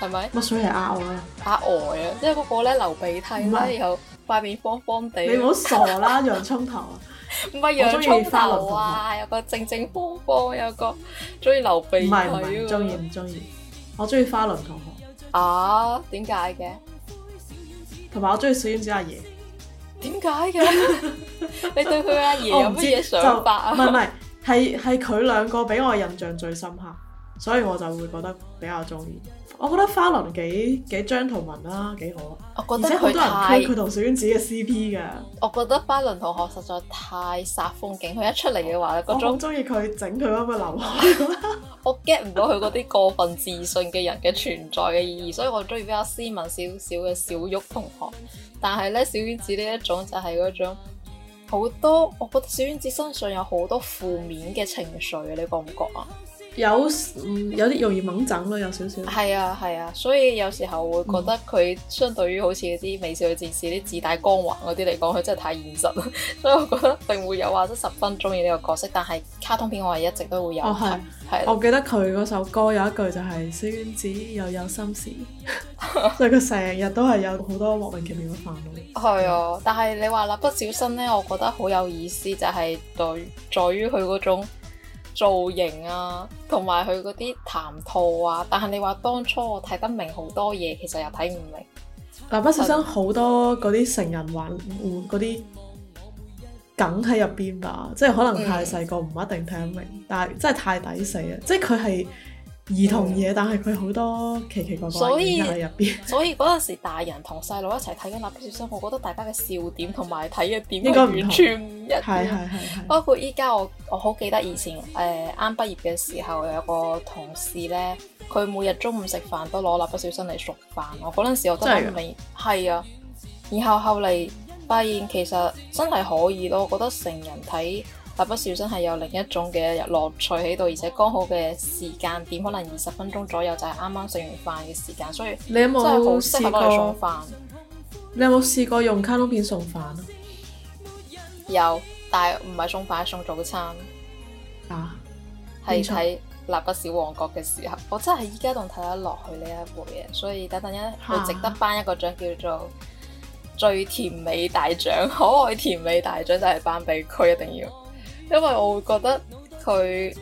係咪乜水？所以咬啊，阿呆啊，即係嗰個咧流鼻涕，是然後塊面方方地。你唔好傻啦， <laughs> 洋葱頭，唔係 <laughs> 洋葱頭啊？花有個正正方方，有個中意流鼻涕唔係唔係，中意唔中意？我中意花輪同學啊？點解嘅？同埋我中意小丸子阿爺。點解嘅？ <laughs> <laughs> 你對佢阿爺有乜嘢想法啊？唔係唔係，係係佢兩個俾我印象最深刻，所以我就會覺得比較中意。我覺得花輪幾幾張圖文啦，幾好，我覺得而且好多人推佢同小丸子嘅 CP 嘅。我覺得花輪同學實在太煞風景，佢一出嚟嘅話咧，嗰種我好中意佢整佢嗰個留海。 <laughs> <laughs> 我 get 唔到佢嗰啲過分自信嘅人嘅存在嘅意義，所以我中意比較斯文少少嘅小玉同學。但係咧，小丸子呢一種就係嗰種好多，我覺得小丸子身上有好多負面嘅情緒，你覺唔覺啊？有、嗯、有啲容易掹枕咯，有少少。係啊係啊，所以有時候會覺得佢相對於好似啲美少女戰士啲自帶光環嗰啲嚟講，佢真係太現實啦。所以我覺得並沒有話都十分中意呢個角色，但係卡通片我係一直都會有。我係、哦，我記得佢嗰首歌有一句就係、是、小丸子又有心事，即係佢成日都係有好多莫名其妙嘅煩惱。係 <laughs> 啊，但係你話《蠟筆小新》咧，我覺得好有意思，就係、對、在在於佢嗰種。造型啊，同埋佢嗰啲談吐啊，但係你話當初我睇得明好多嘢，其實又睇唔明。嗱，《蠟筆小新》好多嗰啲成人玩玩嗰啲梗喺入邊吧？即係可能太細個唔一定睇得明，嗯、但係真係太抵死啊！即係佢係。兒童嘢，但係佢好多奇奇怪怪嘅嘢喺入邊。所以嗰陣時大人同細路一齊睇緊《蠟筆小新》，我覺得大家嘅笑點同埋睇嘅點應該完全唔一樣。係係係。包括依家我我好記得以前誒啱、呃、畢業嘅時候，有個同事呢，佢每日中午食飯都攞《蠟筆小新》嚟熟飯。我嗰陣時我真係唔明。係啊。然後後嚟發現其實真係可以咯，我覺得成人睇。蠟筆小新係有另一種嘅樂趣喺度，而且剛好嘅時間點可能二十分鐘左右，就係啱啱食完飯嘅時間，所以你有冇真係好適合佢送飯。你有冇試過用卡通片送飯？有，但係唔係送飯，送早餐。啊！係睇蠟筆小王國嘅時候，我真係依家仲睇得落去呢一部嘢，所以等等一佢，啊、值得頒一個獎，叫做最甜美大獎，可愛甜美大獎就係頒俾佢一定要。因為我會覺得佢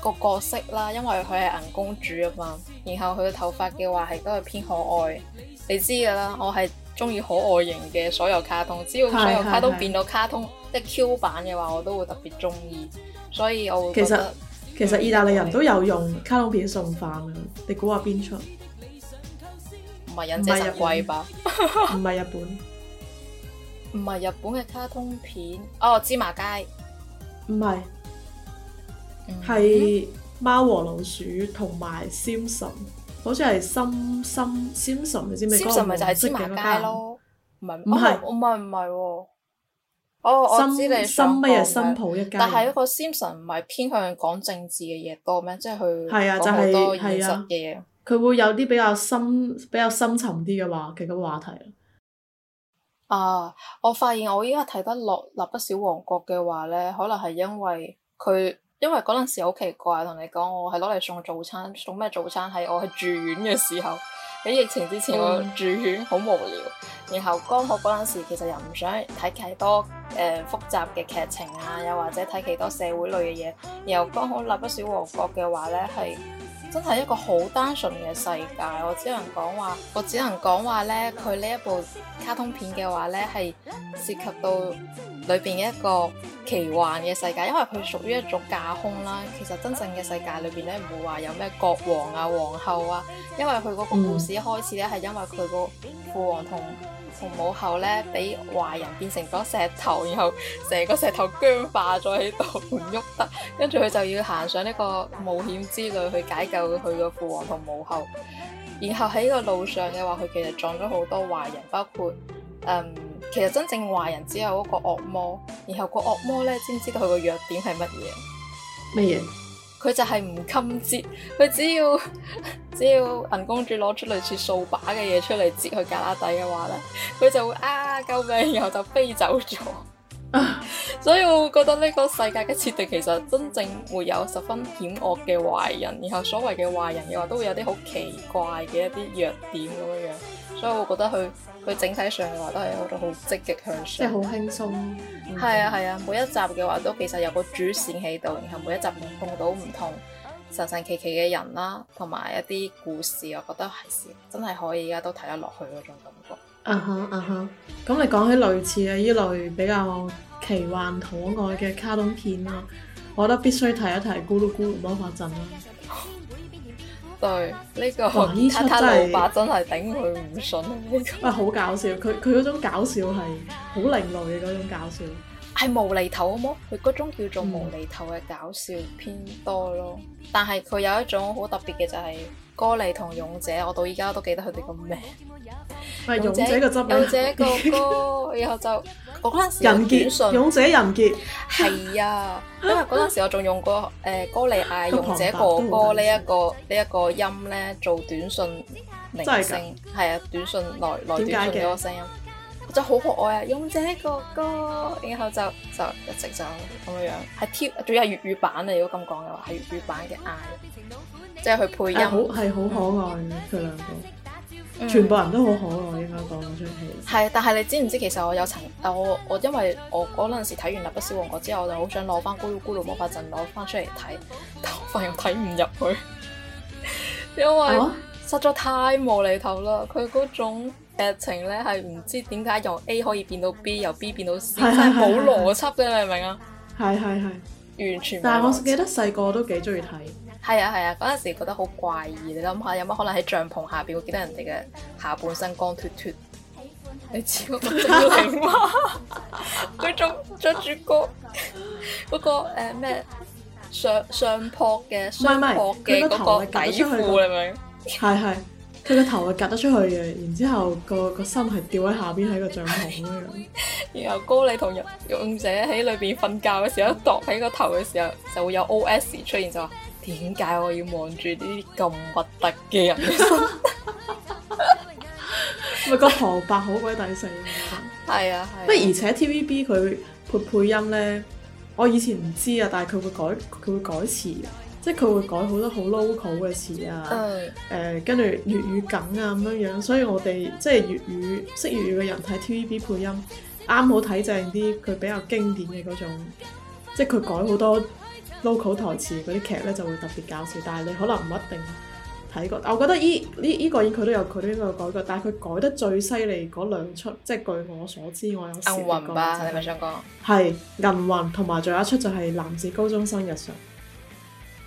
個角色啦，因為佢係銀公主啊嘛。然後佢嘅頭髮嘅話係都係偏可愛，你知噶啦。我係中意可愛型嘅所有卡通，只要所有卡通變到卡通 <music> 即係 Q 版嘅話，我都會特別中意。所以，我會覺得其實其實意大利人都有用卡通片送飯嘅。 <music> 你估下邊出唔係忍者神龜吧？唔係日本，唔係日本嘅 <laughs> 卡通片哦，oh, 芝麻街。唔係，係貓和老鼠同埋，um，《Simpsons》好似係深深《Simpsons》你知唔知？《Simpsons》咪就係芝麻街咯，唔係？唔係，我咪唔係喎。哦，我知你深咩啊？深普一家，但係一個《Simpsons》唔係偏向講政治嘅嘢多咩？即係佢講好多現實嘅嘢，佢、就係啊、會有啲比較深、比較深沉啲嘅話嘅話題。啊！我發現我依家睇得落《蠟筆小王國》嘅話咧，可能係因為佢因為嗰陣時好奇怪，同你講我係攞嚟送早餐，送咩早餐？係我係住院嘅時候喺疫情之前， <laughs> 我住院好無聊， <laughs> 然後剛好嗰陣時其實又唔想睇太多誒、呃、複雜嘅劇情啊，又或者睇其他社會類嘅嘢，然後剛好《蠟筆小王國呢》嘅話咧係。真係一個好單純嘅世界，我只能講話，我只能講話咧，佢呢一部卡通片嘅話咧，係涉及到裏邊一個奇幻嘅世界，因為佢屬於一種架空啦。其實真正嘅世界裏邊咧，唔會話有咩國王啊、皇后啊，因為佢個故事一開始咧，係因為佢個父王同父母後咧，俾壞人變成咗石頭，然後成個石頭僵化咗喺度，唔喐得。跟住佢就要行上呢個冒險之旅去解救佢個父王同母後。然後喺呢個路上嘅話，佢其實撞咗好多壞人，包括嗯，其實真正壞人只有一個惡魔。然後個惡魔咧，知唔知道佢個弱點係乜嘢？乜嘢？佢就係唔襟折，佢只要 <laughs> 只要銀公主攞出類似掃把嘅嘢出嚟折佢架拉底嘅話咧，佢就會啊，救命，然後就飛走咗。 <laughs> <laughs> 所以我覺得呢個世界嘅設定，其實真正會有十分險惡嘅壞人，然後所謂嘅壞人嘅話都會有啲好奇怪嘅一啲弱點咁樣樣。所以我覺得佢佢整體上嘅話都係有好多好積極向上，即係好輕鬆。係、嗯、啊係啊，每一集嘅話都其實有個主線喺度，然後每一集又碰到唔同神神奇奇嘅人啦、啊，同埋一啲故事，我覺得係真係可以而家都睇得落去嗰種感覺。啊哈啊哈！咁、huh, uh huh. 你講起類似嘅依類比較奇幻可愛嘅卡通片啦、啊，我覺得必須提一提《咕嚕咕嚕魔法陣、啊》啦。對，呢、這個佢佢老豆她她真係頂佢唔順。這個、啊，好搞笑！佢佢嗰種搞笑係好另類嘅嗰種搞笑。係無厘頭好冇？佢嗰種叫做無厘頭嘅搞笑偏多咯，但係佢有一種好特別嘅就係歌莉同勇者，我到依家都記得佢哋個名。咪係勇者個真名？勇者哥哥，然後就我嗰陣時用短信，勇者仁杰。係啊，因為嗰陣時我仲用過誒歌莉嗌勇者哥哥呢一個呢一個音呢做短信鈴聲，係啊短信來來短信嗰個聲音。就好可愛啊，勇者哥哥，然後就就一直就咁樣樣，係跳，仲要係粵語版啊！如果咁講嘅話，係粵語版嘅嗌，即係佢配音，係、啊、好係好可愛嘅佢兩個，全部人都好可愛，應該講嗰出戲。係、嗯，但係你知唔知其實我有曾，我我，我因為我嗰陣時睇完《蠟筆小王國》之後，我就好想攞翻《咕嚕咕嚕魔法陣》攞翻出嚟睇，但係我發現又睇唔入去， <laughs> 因為實在太無厘頭啦！佢嗰種。劇情咧係唔知點解由 A 可以變到 B，由 B 變到 C，真係冇邏輯嘅，明 <noise> 唔對明啊？係係係，完 <noise> 全。但係我記得細個都幾中意睇。係啊係啊，嗰陣、啊、時覺得好怪異，你諗下有乜可能喺帳篷下邊會見到人哋嘅下半身光脫脫？你知我 <laughs> <laughs> 個整到點嘛？佢仲着住個嗰個誒咩上上撲嘅上撲嘅個底褲，係咪？係係。佢個頭係夾得出去嘅，然之後個個身係吊喺下邊喺個帳篷咁樣。然後哥你同勇勇者喺裏邊瞓覺嘅時候，度喺個頭嘅時候就會有 OS 出現，就話點解我要望住呢啲咁核突嘅人嘅身？咪個旁白好鬼抵死。係啊係。不過而且 TVB 佢配配音咧，我以前唔知啊，但係佢會改佢會改詞。即係佢會改好多好 local 嘅詞啊，誒跟住粵語梗啊咁樣樣，所以我哋即係粵語識粵語嘅人睇 TVB 配音，啱好睇正啲。佢比較經典嘅嗰種，即係佢改好多 local 台詞嗰啲劇咧就會特別搞笑。但係你可能唔一定睇過。我覺得依呢依個已經佢都有佢都有改過，但係佢改得最犀利嗰兩出，即係據我所知，我有試過。銀魂吧？係咪想講。係銀魂，同埋仲有一出就係《男子高中生日常》。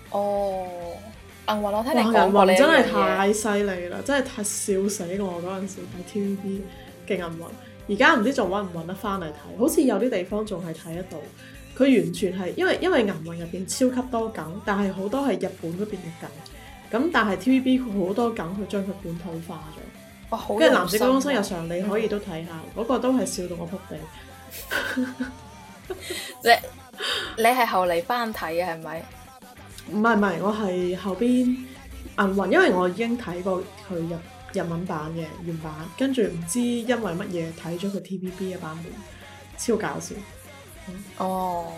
Oh. 哦，銀魂我睇嚟講你銀魂真係太犀利啦， <noise> 真係太笑死我，嗰陣時睇 T V B 嘅銀魂。而家唔知仲揾唔揾得翻嚟睇，好似有啲地方仲係睇得到。佢完全係因為因為銀魂入邊超級多梗，但係好多係日本嗰邊嘅梗。咁但係 T V B 好多梗，佢將佢本土化咗。哇、哦！好，跟住《男子高中生日常》你可以都睇下，嗰、嗯、個都係笑到我仆地。 <laughs> 你你係後嚟翻睇嘅係咪？唔係唔係，我係後邊銀魂，因為我已經睇過佢日日文版嘅原版，跟住唔知因為乜嘢睇咗佢 T V B 嘅版本，超搞笑。嗯、哦，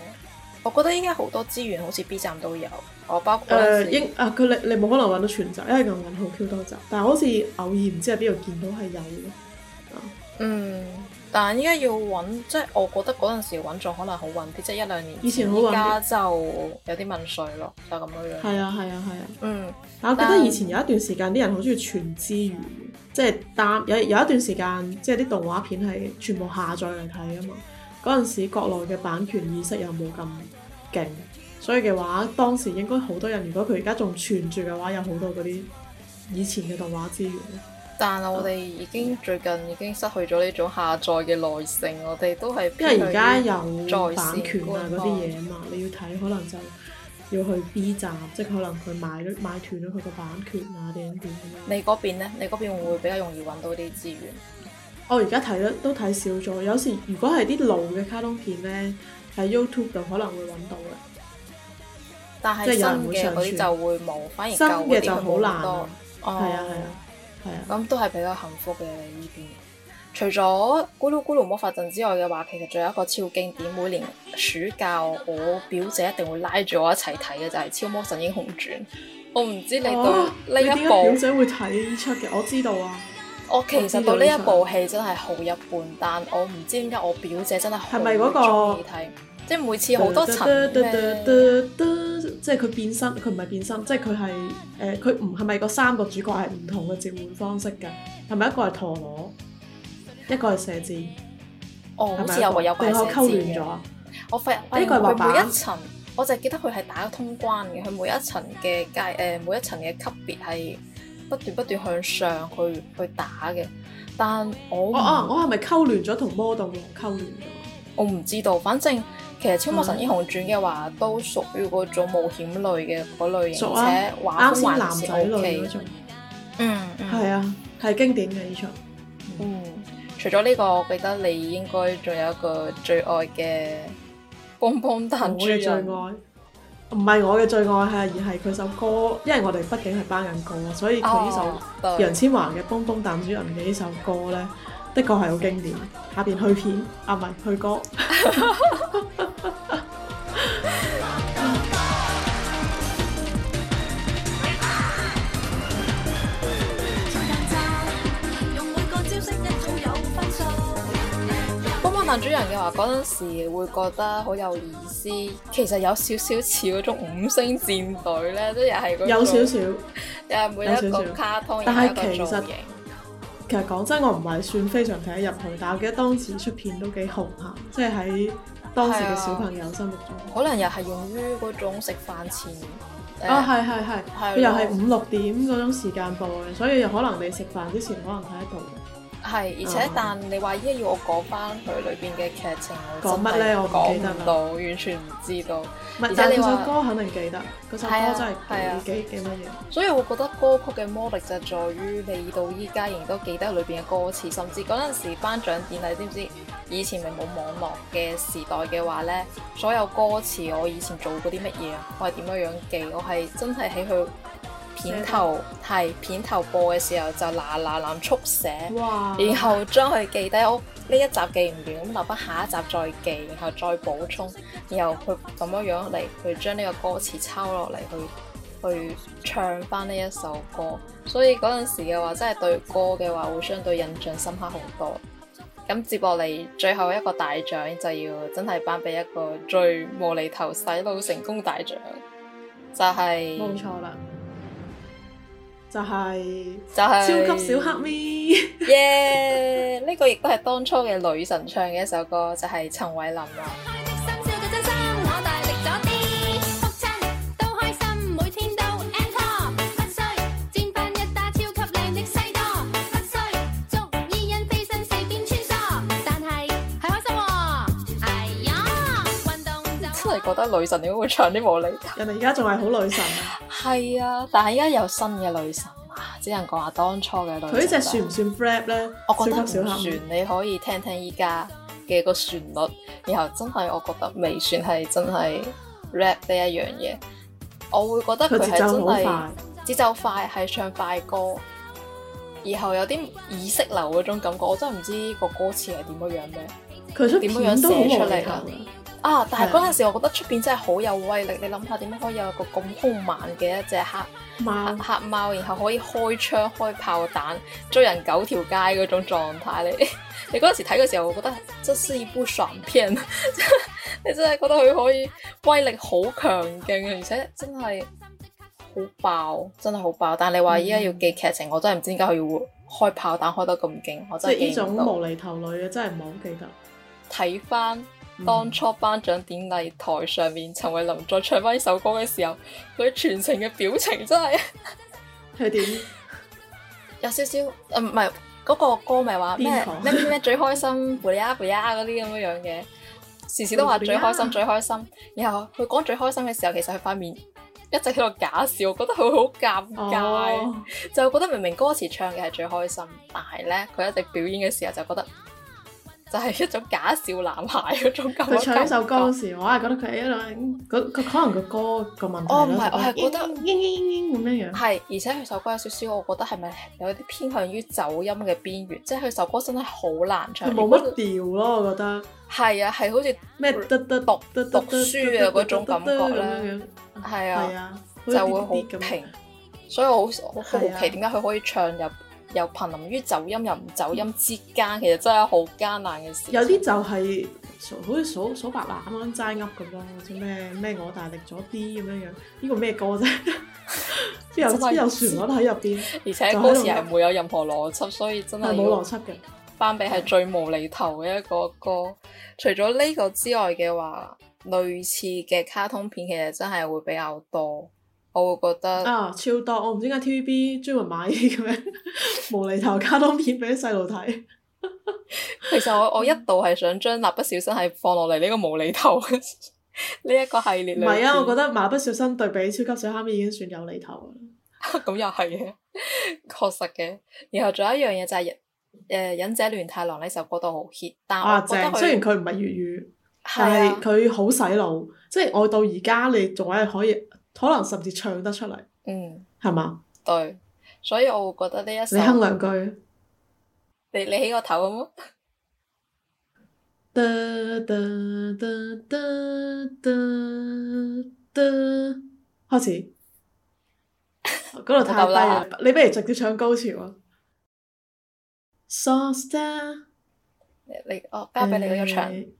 我覺得應該好多資源好似 B 站都有，哦包括誒應、呃、啊佢你你冇可能揾到全集，因為銀魂好 Q 多集，但係好似偶然唔知喺邊度見到係有嘅啊嗯。嗯。但依家要揾，即係我覺得嗰陣時揾仲可能好揾啲，即係一兩年。以前好揾啲。依家就有啲問稅咯，就咁樣樣。係啊係啊係啊。啊啊嗯。但我記得以前有一段時間啲但人好中意存資源，即係擔有有一段時間，即係啲動畫片係全部下載嚟睇啊嘛。嗰陣時國內嘅版權意識又冇咁勁，所以嘅話當時應該好多人，如果佢而家仲存住嘅話，有好多嗰啲以前嘅動畫資源。但係我哋已經最近已經失去咗呢種下載嘅耐性，我哋都係因為而家有版權啊嗰啲嘢啊嘛，你要睇可能就要去 B 站，即係可能佢買咗買斷咗佢個版權啊點點點。你嗰邊咧？你嗰邊會唔會比較容易揾到啲資源？我而家睇都都睇少咗，有時如果係啲老嘅卡通片咧，喺 YouTube 就可能會揾到嘅。但係新嘅嗰啲就會冇，反而新嘅就好難。係啊係啊。哦。咁、嗯、都係比較幸福嘅呢邊。除咗咕嚕咕嚕魔法陣之外嘅話，其實仲有一個超經典，每年暑假我表姐一定會拉住我一齊睇嘅就係、是《超魔神英雄傳》。我唔知你呢部，啊、表姐會睇呢出嘅？我知道啊，我其實我對呢一部戲真係好一般，但我唔知點解我表姐真係好中意睇。即係每次好多層，即係佢變身，佢唔係變身，即係佢係誒，佢唔係咪個三個主角係唔同嘅召喚方式㗎？係咪一個係陀螺，一個係射箭？哦有有，好似又話有佢溝亂咗。我發呢個係畫每一層，我就係記得佢係打通關嘅。佢每一層嘅階誒，每一層嘅級別係不斷不斷向上去去打嘅。但我、哦啊、我是是、啊、我係咪溝亂咗同魔動王溝亂咗？我唔知道，反正。其實《超魔神英雄傳》嘅話、嗯、都屬於嗰種冒險類嘅嗰類型、啊、而且畫風還是 OK 嗰種，嗯，係啊，係經典嘅呢場。嗯，除咗呢、這個，我記得你應該仲有一個最愛嘅《蹦蹦彈珠》。我嘅最愛唔係我嘅最愛係，而係佢首歌，因為我哋畢竟係頒緊歌，所以佢呢首楊千嬅嘅《蹦蹦彈珠人》嘅呢首歌咧。哦的確係好經典，下邊去片啊，唔係去歌。哈哈男主人》嘅話，嗰陣時會覺得好有意思，其實有少少似嗰種五星戰隊咧，都又係嗰種。有少少，又係每一個卡通加一個造型。其實講真，我唔係算非常睇得入去，但我記得當時出片都幾紅下，即係喺當時嘅小朋友心目中，可能又係用於嗰種食飯前啊，係係係，佢的的又係五六點嗰種時間播嘅，所以又可能你食飯之前可能睇得到。係，而且、嗯、但你話依家要我講翻佢裏邊嘅劇情，我真係講唔到，記得完全唔知道。而且唔係你話歌肯定記得，嗰首歌真係自己記乜嘢。啊啊、所以我覺得歌曲嘅魔力就在於你到依家仍都記得裏邊嘅歌詞，甚至嗰陣時頒獎典禮，你知唔知以前咪冇網絡嘅時代嘅話咧，所有歌詞我以前做過啲乜嘢啊？我係點樣樣記？我係真係喺佢。片頭係 Yeah. 片頭播嘅時候就嗱嗱臨速寫，Wow. 然後將佢記低，屋、哦、呢一集記唔完，咁留翻下一集再記，然後再補充，然後佢咁樣樣嚟，去將呢個歌詞抄落嚟去去唱翻呢一首歌，所以嗰陣時嘅話真係對歌嘅話會相對印象深刻好多。咁接落嚟最後一個大獎就要真係頒俾一個最無厘頭洗腦成功大獎，就係、是、冇錯啦。就係、是、就係、是、超級小黑咪，耶！呢個亦都係當初嘅女神唱嘅一首歌，就係陳慧琳啦。 <music> 覺得女神點解會唱啲無厘頭？人哋而家仲係好女神，係 <laughs> 啊！但係而家有新嘅女神啊，只能講下當初嘅女神。佢呢隻算唔算 rap 咧？我覺得小旋，你可以聽聽依家嘅個旋律，然後真係我覺得未算係真係 rap 第一樣嘢。我會覺得佢係真係節奏快，係唱快歌，然後有啲意識流嗰種感覺，我真係唔知個歌詞係點個樣咩？佢出點樣寫出嚟㗎？啊！但係嗰陣時，我覺得出邊真係好有威力。的你諗下，點解可以有個咁兇猛嘅一隻黑黑黑貓，然後可以開槍、開炮彈，追人九條街嗰種狀態咧？你嗰陣時睇嘅時候，我覺得真係一部爽片， <laughs> 你真係覺得佢可以威力好強勁，而且真係好爆，真係好爆。但係你話依家要記劇情，嗯、我真係唔知點解佢要開炮彈開得咁勁。即係是呢種無厘頭類嘅，真係唔好記得。睇翻。當初頒獎典禮台上面，陳慧琳再唱翻呢首歌嘅時候，佢全程嘅表情真係佢點？ <laughs> 有少少誒唔係嗰個歌咪話咩咩咩最開心，賠呀賠呀嗰啲咁樣樣嘅，時時都話最開心最開心。然後佢講最開心嘅時候，其實佢塊面一直喺度假笑，覺得佢好尷尬，啊、就覺得明明歌詞唱嘅係最開心，但係呢，佢一直表演嘅時候就覺得。就係一種假笑男孩嗰種感覺。佢唱呢首歌時，我係覺得佢喺度，佢佢可能佢歌個問題。哦，唔係，我係覺得英英英英咁樣樣。係，而且佢首歌有少少，我覺得係咪有啲偏向於走音嘅邊緣？即係佢首歌真係好難唱。佢冇乜調咯，我覺得。係啊，係好似咩得得讀得讀書啊嗰種感覺啦，係啊，就會好平。所以我好好好奇點解佢可以唱入。又瀕臨於走音又唔走音之間，其實真係好艱難嘅事。有啲就係、是、好似數數白欖咁齋噏咁樣，好似咩咩我大力咗啲咁樣樣，呢個咩歌啫？邊有邊有旋律喺入邊？ <laughs> 而且嗰時係冇有任何邏輯，所以真係冇、這個、邏輯嘅。翻俾係最無厘頭嘅一個歌。的除咗呢個之外嘅話，類似嘅卡通片其實真係會比較多。我會覺得啊，超多！我唔知點解 TVB 專門買啲咁樣無厘頭卡通片俾啲細路睇。其實我我一度係想將《蠟筆小新》係放落嚟，呢個無厘頭呢一 <laughs> 個系列。唔係啊，我覺得《蠟筆小新》對比《超級水哈咪》已經算有厘頭。咁又係嘅，確實嘅。然後仲有一樣嘢就係，《忍者亂太郎》呢首歌度好 hit，但我覺得雖然佢唔係粵語，但係佢好洗腦。啊、即係我到而家，你仲係可以。 <laughs> 可能甚至唱得出嚟，嗯，係嘛吧？對，所以我會覺得呢一首你哼兩句，你你起個頭好冇？噠噠噠噠噠噠，好似嗰度太低啊！ <laughs> 你不如直接唱高潮啊 So Star 你哦，交俾你去唱。 <laughs>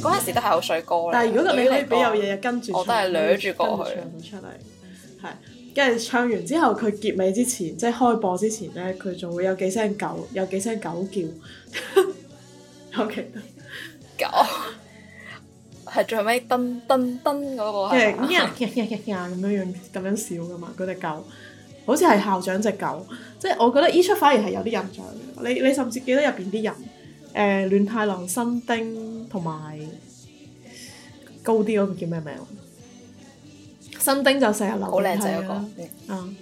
嗰陣 <music> 時都係口水歌咧。但係如果個女可以俾有嘢嘢跟住我都係掠住過去。唱到出嚟，係跟住唱完之後，佢結尾之前，即係開播之前咧，佢仲會有幾聲狗，有幾聲狗叫。 <laughs> Okay， <laughs> 狗。係最尾噔噔噔嗰、嗰個，即咁樣樣咁樣笑噶嘛，嗰隻狗，好似係校長隻狗。即係我覺得呢、e、出反而係有啲印象，你你甚至記得入邊啲人，誒、呃，亂太郎、新丁同埋高啲嗰個叫咩名？新丁就成日諗好靚仔嗰個，啊、嗯，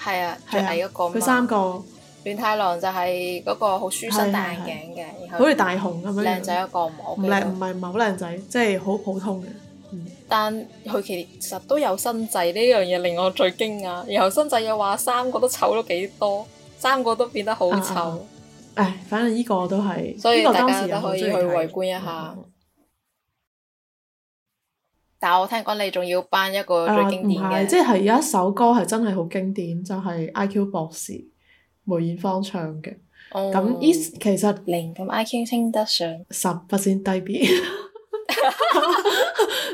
係啊，係啊，佢三個。亂太郎就係嗰個好書生戴眼鏡嘅，然後好似大雄咁樣靚仔一個，唔唔靚唔係唔係好靚仔，即係好普通嘅。但佢其實都有新製呢樣嘢，令我最驚訝。然後新製又話三個都醜咗幾多，三個都變得好醜。唉，反正呢個都係所以大家都可以去圍觀一下。但係我聽講你仲要頒一個最經典嘅，即係有一首歌係真係好經典，就係 I Q 博士。梅艷芳唱嘅，咁依、嗯、其實零咁 I Q 稱得上十分之低 B，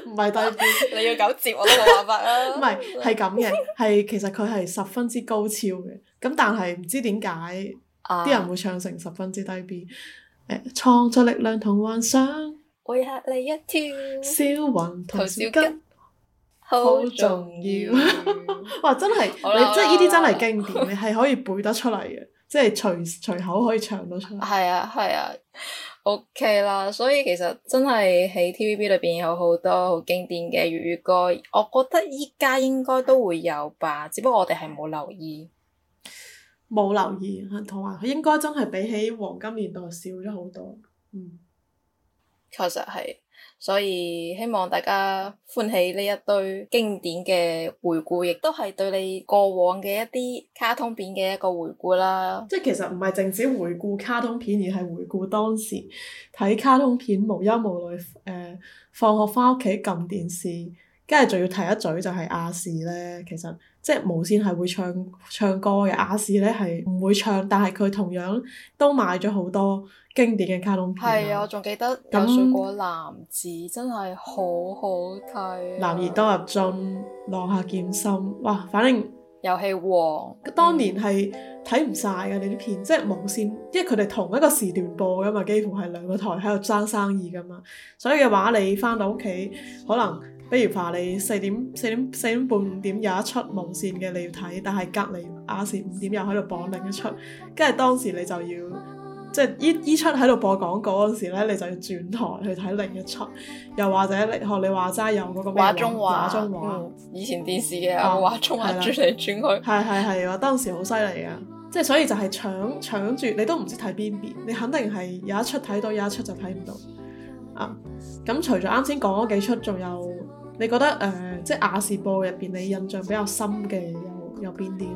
唔係低 B， <laughs> 你要九折我都冇辦法啦。唔係係咁嘅，係 <laughs> 其實佢係十分之高超嘅，咁但係唔知點解啲人會唱成十分之低 B，誒，創、呃、作力量同幻想，會嚇你一跳，小雲同小吉。好重要， <laughs> 哇！真係了你了即係呢啲真係經典，了你係可以背得出嚟嘅， <laughs> 即係隨隨口可以唱到出嚟。係啊，係啊，OK 啦。所以其實真係喺 TVB 裏邊有好多好經典嘅粵語歌，我覺得依家應該都會有吧，只不過我哋係冇留意，冇留意吓，同埋佢應該真係比起黃金年代少咗好多。嗯，確實係。所以希望大家歡喜呢一堆經典嘅回顧，亦都係對你過往嘅一啲卡通片嘅一個回顧啦。即係其實唔係淨止回顧卡通片，而係回顧當時睇卡通片無憂無慮誒、呃，放學翻屋企撳電視，跟住仲要提一嘴就係亞視咧。其實。即係無線係會唱唱歌嘅，亞視咧係唔會唱，但係佢同樣都買咗好多經典嘅卡通片。係、嗯、啊，我仲記得。咁果男子真係好好睇。男兒多入樽，浪客劍心，哇！反正遊戲王當年係睇唔晒嘅，你啲片，即係無線，因為佢哋同一個時段播噶嘛，幾乎係兩個台喺度爭生意噶嘛，所以嘅話你翻到屋企可能。比如話你四點四點四點半五點有一出無線嘅你要睇，但係隔離亞視五點又喺度播另一出，跟住當時你就要即係依依出喺度播廣告嗰時咧，你就要轉台去睇另一出，又或者學你話齋有嗰個畫中畫，畫中畫。以前電視嘅有、啊、畫中畫轉嚟轉去。係係係，我當時好犀利嘅，即係所以就係搶搶住，你都唔知睇邊邊，你肯定係有一出睇到，有一出就睇唔到。啊，咁除咗啱先講嗰幾出，仲有。你覺得誒、呃，即亞視播入邊，你印象比較深嘅有有邊啲？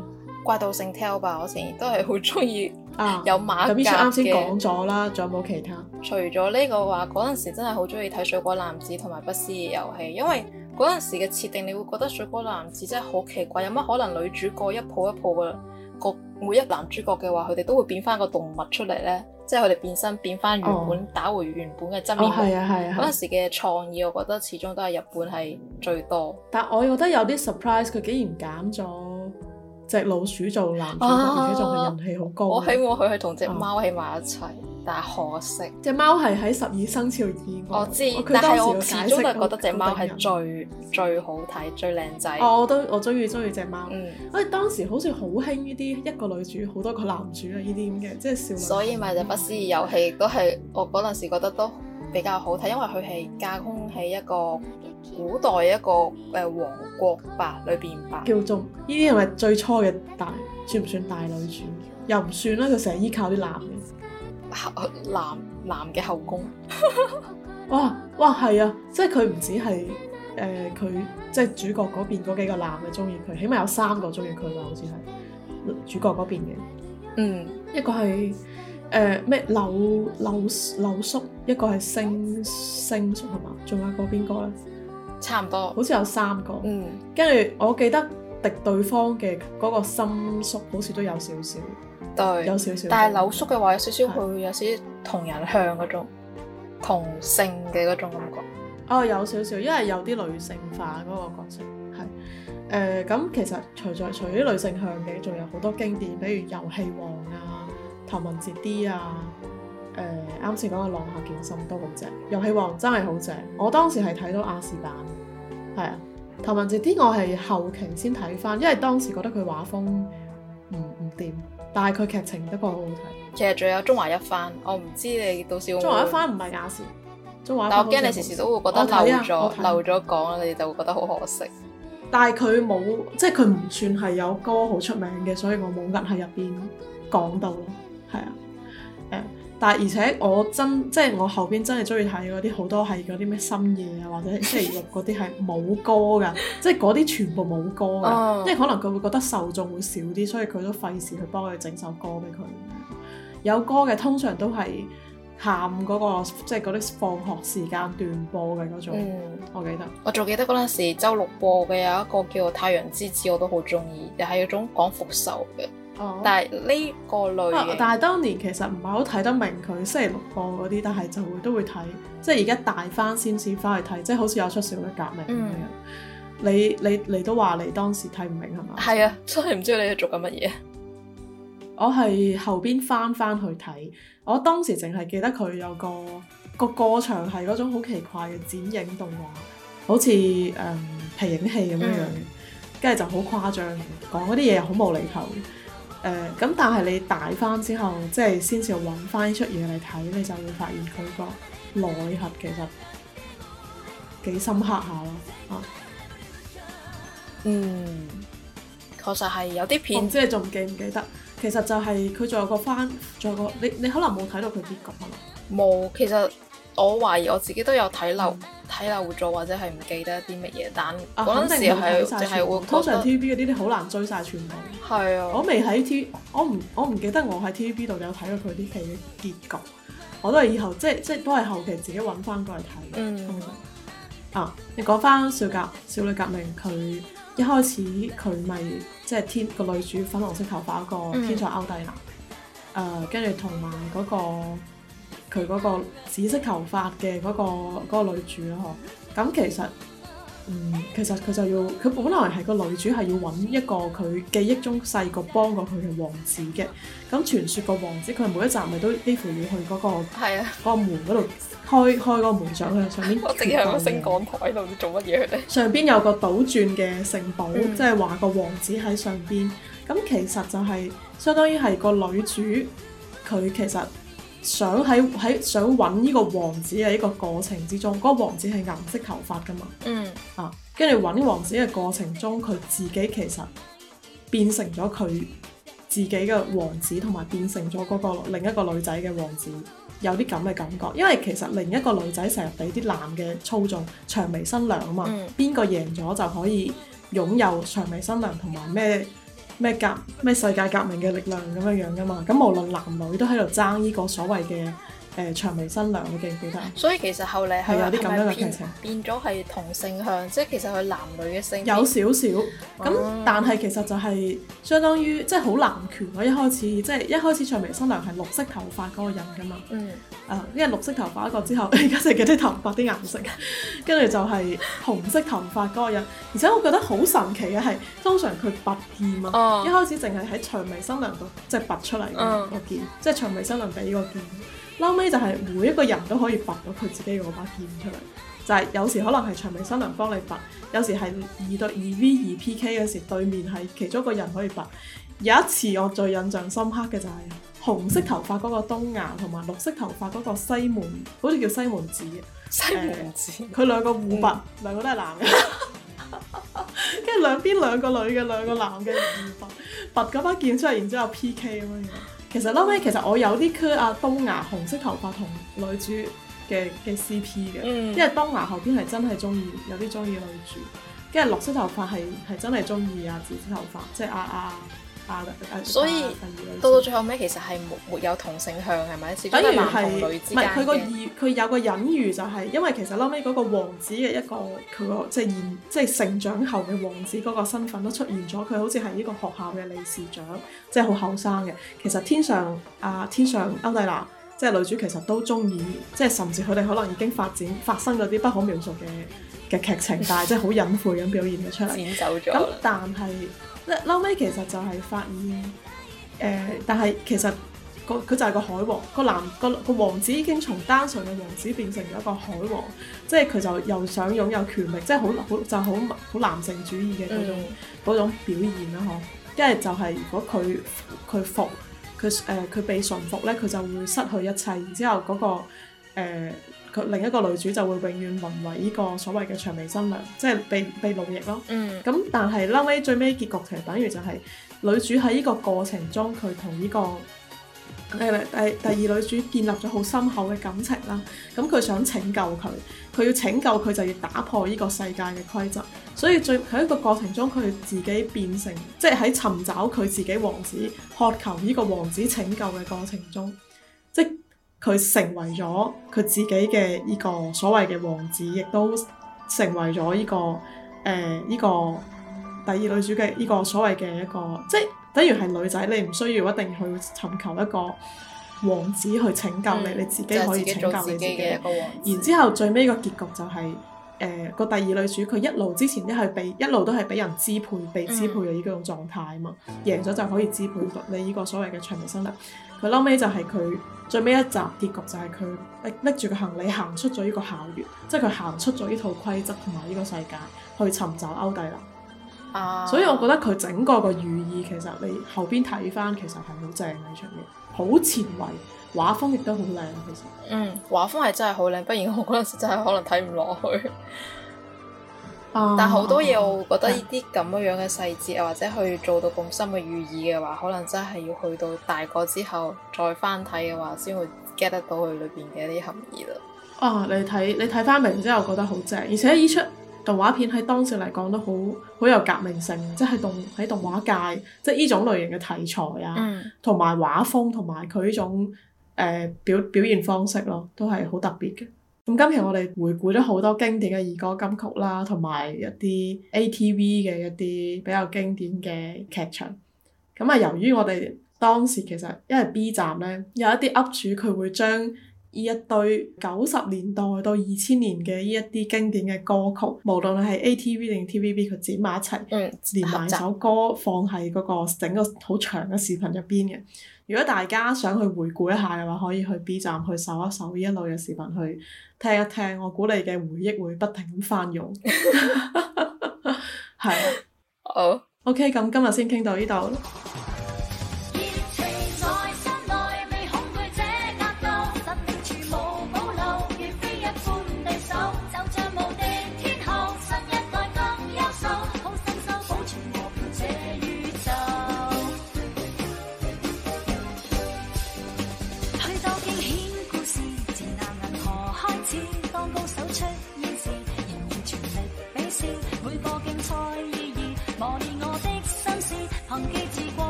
怪盜 St.Tail 吧，我成日都係好中意啊，有馬甲嘅。啱先講咗啦，仲 <laughs> 有冇其他？除咗呢個話，嗰陣時真係好中意睇水果籃子同埋不思議遊戲，因為嗰陣時嘅設定，你會覺得水果籃子真係好奇怪，有乜可能女主角一抱一抱嘅個每一男主角嘅話，佢哋都會變翻個動物出嚟咧？即係佢哋變身變翻原本、oh. 打回原本嘅真面目，oh, 啊，陣、啊啊、時嘅創意，我覺得始終都係日本係最多。但係我覺得有啲 surprise，佢竟然減咗。隻老鼠做男主，啊、而且仲係人氣好高。我希望佢係同隻貓喺埋一齊，嗯、但係可惜。隻貓係喺十二生肖以外。我知，當但係我始終就、那個、覺得隻貓係最最，最好睇、最靚仔、哦。我都我中意中意隻貓。嗯、因為當時好似好興呢啲一個女主好多個男主啊，呢啲咁嘅，即係小。所以咪就《不思議遊戲》都係我嗰陣時覺得都比較好睇，因為佢係架空係一個。古代一個誒、呃、王國吧，裏邊吧叫做呢啲係咪最初嘅大算唔算大女主？又唔算啦，佢成日依靠啲男嘅、啊、男男嘅後宮。 <laughs> 哇哇係啊，即係佢唔止係誒佢即係主角嗰邊嗰幾個男嘅中意佢，起碼有三個中意佢啦，好似係主角嗰邊嘅。嗯，一個係誒咩柳柳柳叔，一個係星星叔係嘛？仲有個一個邊個咧？差唔多，好似有三個。嗯，跟住我記得敵對方嘅嗰個心宿好似都有少少，對，有少少。但係柳宿嘅話，有少少會有少少同人向嗰種對同性嘅嗰種感覺。哦，有少少，因為有啲女性化嗰個角色，係對。誒、呃，咁其實除咗除咗女性向嘅，仲有好多經典，比如遊戲王啊、頭文字 D 啊。誒，啱先講嘅《浪客劍心》都好正，《遊戲王》真係好正。我當時係睇到亞視版，係啊。《頭文字 D》我係後期先睇翻，因為當時覺得佢畫風唔唔掂，但係佢劇情的確好好睇。其實仲有中華一番，我唔知你到時會唔會中華。中華一番唔係亞視。中華。但係驚你時時都會覺得、啊、漏咗了、啊、漏講，你就會覺得好可惜。但係佢冇，即係佢唔算係有歌好出名嘅，所以我冇入喺入邊講到咯，係啊。但係而且我真即係我後邊真係中意睇嗰啲好多係嗰啲咩深夜啊，或者星期六嗰啲係冇歌嘅，即係嗰啲全部冇歌嘅，oh. 即係可能佢會覺得受眾會少啲，所以佢都費事去幫佢整首歌俾佢。有歌嘅通常都係下午嗰個即係嗰啲放學時間段播嘅嗰種，mm. 我記得。我仲記得嗰陣時週六播嘅有一個叫做《太陽之子》，我都好中意，又係有種講復仇嘅。但係呢個類嘅、啊，但係當年其實唔係好睇得明佢星期六播嗰啲，但係就會都會睇，即係而家大翻先至翻去睇，即係好似有出少女革命咁嘅樣，嗯，你。你你你都話你當時睇唔明係嘛？係啊，所以唔知道你做緊乜嘢。我係後邊翻翻去睇，我當時淨係記得佢有個個過場係嗰種好奇怪嘅剪影動畫，好似誒，嗯、皮影戲咁嘅樣嘅，跟住，嗯、就好誇張，講嗰啲嘢好無厘頭。誒咁，但係你大翻之後，即係先至揾翻呢出嘢嚟睇，你就會發現佢個內核其實幾深刻下咯。啊，嗯，確實係有啲片、嗯，即係仲記唔記得？其實就係佢仲有個翻，仲有個你，你可能冇睇到佢結局啊嘛。冇，其實。我懷疑我自己都有睇漏睇、嗯、漏咗，或者係唔記得啲乜嘢。但嗰陣時係晒係會覺得通常 T V B 嗰啲啲好難追晒全部。係啊，我未喺 T 我唔我唔記得我喺 T V B 度有睇過佢啲劇嘅結局。我都係以後即即都係後期自己揾翻過嚟睇。嗯。嗯啊，你講翻少革少女革命佢一開始佢咪即係天個女主粉紅色頭髮一個天才歐弟男，誒跟住同埋嗰個。佢嗰個紫色頭髮嘅嗰個女主嗬，咁其實嗯，其實佢就要，佢本來係個女主係要揾一個佢記憶中細個幫過佢嘅王子嘅。咁傳説個王子佢係每一集咪都幾乎要去嗰個係啊，個門嗰度開開個門上去，上面，我淨係個升降台喺度做乜嘢佢哋，上邊有個倒轉嘅城堡，即係話個王子喺上邊。咁其實就係、是、相當於係個女主，佢其實。想喺喺想揾呢個王子嘅呢個過程之中，嗰、嗰個王子係銀色頭髮㗎嘛？嗯啊，跟住揾王子嘅過程中，佢自己其實變成咗佢自己嘅王子，同埋變成咗嗰個另一個女仔嘅王子，有啲咁嘅感覺。因為其實另一個女仔成日俾啲男嘅操縱，長眉新娘啊嘛，邊個、嗯、贏咗就可以擁有長眉新娘同埋咩？咩革，咩世界革命嘅力量咁樣樣噶嘛？咁無論男女都喺度爭呢個所謂嘅。誒、呃、薔薇新娘你記唔記得、嗯，所以其實後嚟係咪係咪變變咗係同性向，即係其實佢男女嘅性有少少。咁、嗯、但係其實就係相當於即係好男權。我一開始即係、就是、一開始薔薇新娘係綠色頭髮嗰個人㗎嘛。嗯。啊、呃，因為綠色頭髮一個之後，而家剩緊得頭髮啲顏色，跟 <laughs> 住就係紅色頭髮嗰個人。嗯、而且我覺得好神奇嘅係，通常佢拔劍啊，嗯、一開始淨係喺薔薇新娘度即係拔出嚟嘅個劍，即係薔薇新娘俾個劍。嗯嗯嗯。後尾就係每一個人都可以拔到佢自己嗰把劍出嚟，就係、是、有時可能係長尾新娘幫你拔，有時係二對二 V 二 PK 嘅時，對面係其中一個人可以拔。有一次我最印象深刻嘅就係紅色頭髮嗰個冬芽同埋綠色頭髮嗰個西門，好似叫西門子。西門子，佢兩、呃、個互拔，兩、嗯、個都係男嘅，跟 <laughs> 住兩邊兩個女嘅，兩個男嘅互拔，拔嗰把劍出嚟，然之後 PK 咁樣。其實咧，其實我有啲磕阿冬芽紅色頭髮同女主嘅嘅 CP 嘅，嗯、因為冬芽後邊係真係中意，有啲中意女主，跟住綠色頭髮係係真係中意阿紫色頭髮，即係阿阿。啊啊！所以到到最後尾其實係冇沒，沒有同性向係咪？等於係唔係佢個意？佢有個隱喻就係、是，因為其實撈屘嗰個王子嘅一個佢個即係現即係成長後嘅王子嗰個身份都出現咗。佢好似係呢個學校嘅理事長，即係好後生嘅。其實天上啊，天上歐帝娜即係女主，其實都中意，即係甚至佢哋可能已經發展發生咗啲不可描述嘅嘅劇情，但係即係好隱晦咁表現咗出嚟。 <laughs> 走咗咁，但係。嬲尾其實就係發現，誒、呃，但係其實個佢就係個海王，個男個、嗰個王子已經從單純嘅王子變成咗一個海王，即係佢就又想擁有權力，即係好好就好、是、好男性主義嘅嗰種嗰種表現啦，嗬、嗯！因為就係如果佢佢服佢誒佢被馴服咧，佢就會失去一切，然之後嗰、那個、呃佢另一個女主就會永遠淪為呢個所謂嘅薔薇新娘，即係被被奴役咯。咁、嗯、但係嬲尾最尾結局其實等於就係、是、女主喺呢個過程中，佢同呢個、哎、第第二女主建立咗好深厚嘅感情啦。咁、嗯、佢想拯救佢，佢要拯救佢就要打破呢個世界嘅規則。所以最喺一個過程中，佢自己變成即係喺尋找佢自己王子，渴求呢個王子拯救嘅過程中，即。佢成為咗佢自己嘅呢個所謂嘅王子，亦都成為咗呢個、誒、呢個第二女主嘅呢個所謂嘅一個，即係等於係女仔，你唔需要一定去尋求一個王子去拯救你，嗯、你自己可以拯救你自己。然之後最尾個結局就係誒個第二女主，佢一路之前都係被一路都係俾人支配、被支配嘅呢個狀態啊嘛，嗯、贏咗就可以支配到你呢個所謂嘅長命森林。佢嬲尾就係，佢最尾一集結局就係佢拎住個行李行出咗呢個校園，即係佢行出咗呢套規則同埋呢個世界去尋找歐帝林。啊、uh！所以我覺得佢整個個寓意其實你後邊睇返其實係好正嘅場面，好前衞，畫風亦都好靚。其實嗯，畫風係真係好靚，不然我嗰陣時真係可能睇唔落去。 <laughs> 嗯、但好多嘢、嗯，我覺得呢啲咁樣樣嘅細節，嗯、或者去做到咁深嘅寓意嘅話，可能真係要去到大個之後再翻睇嘅話，先會 get 得到佢裏邊嘅一啲含義咯。啊！你睇你睇翻嚟之後，覺得好正，而且依出動畫片喺當時嚟講都好好有革命性，嗯、即係動喺動畫界，即係呢種類型嘅題材啊，同埋畫風同埋佢呢種誒、呃、表表，表現方式咯，都係好特別嘅。咁今期我哋回顧咗好多經典嘅兒歌金曲啦，同埋一啲 ATV 嘅一啲比較經典嘅劇場。咁啊，由於我哋當時其實因為 B 站呢，有一啲 up 主佢會將一堆九十年代到二千年嘅呢一啲經典嘅歌曲，無論係 ATV 定 TVB，佢剪埋一齊，嗯、連埋首歌放喺嗰個整個好長嘅視頻入邊嘅。如果大家想去回顧一下嘅話，可以去 B 站去搜一搜呢一路嘅視頻去聽一聽，我估你嘅回憶會不停咁翻湧，係啊，好 OK。咁今日先傾到呢度。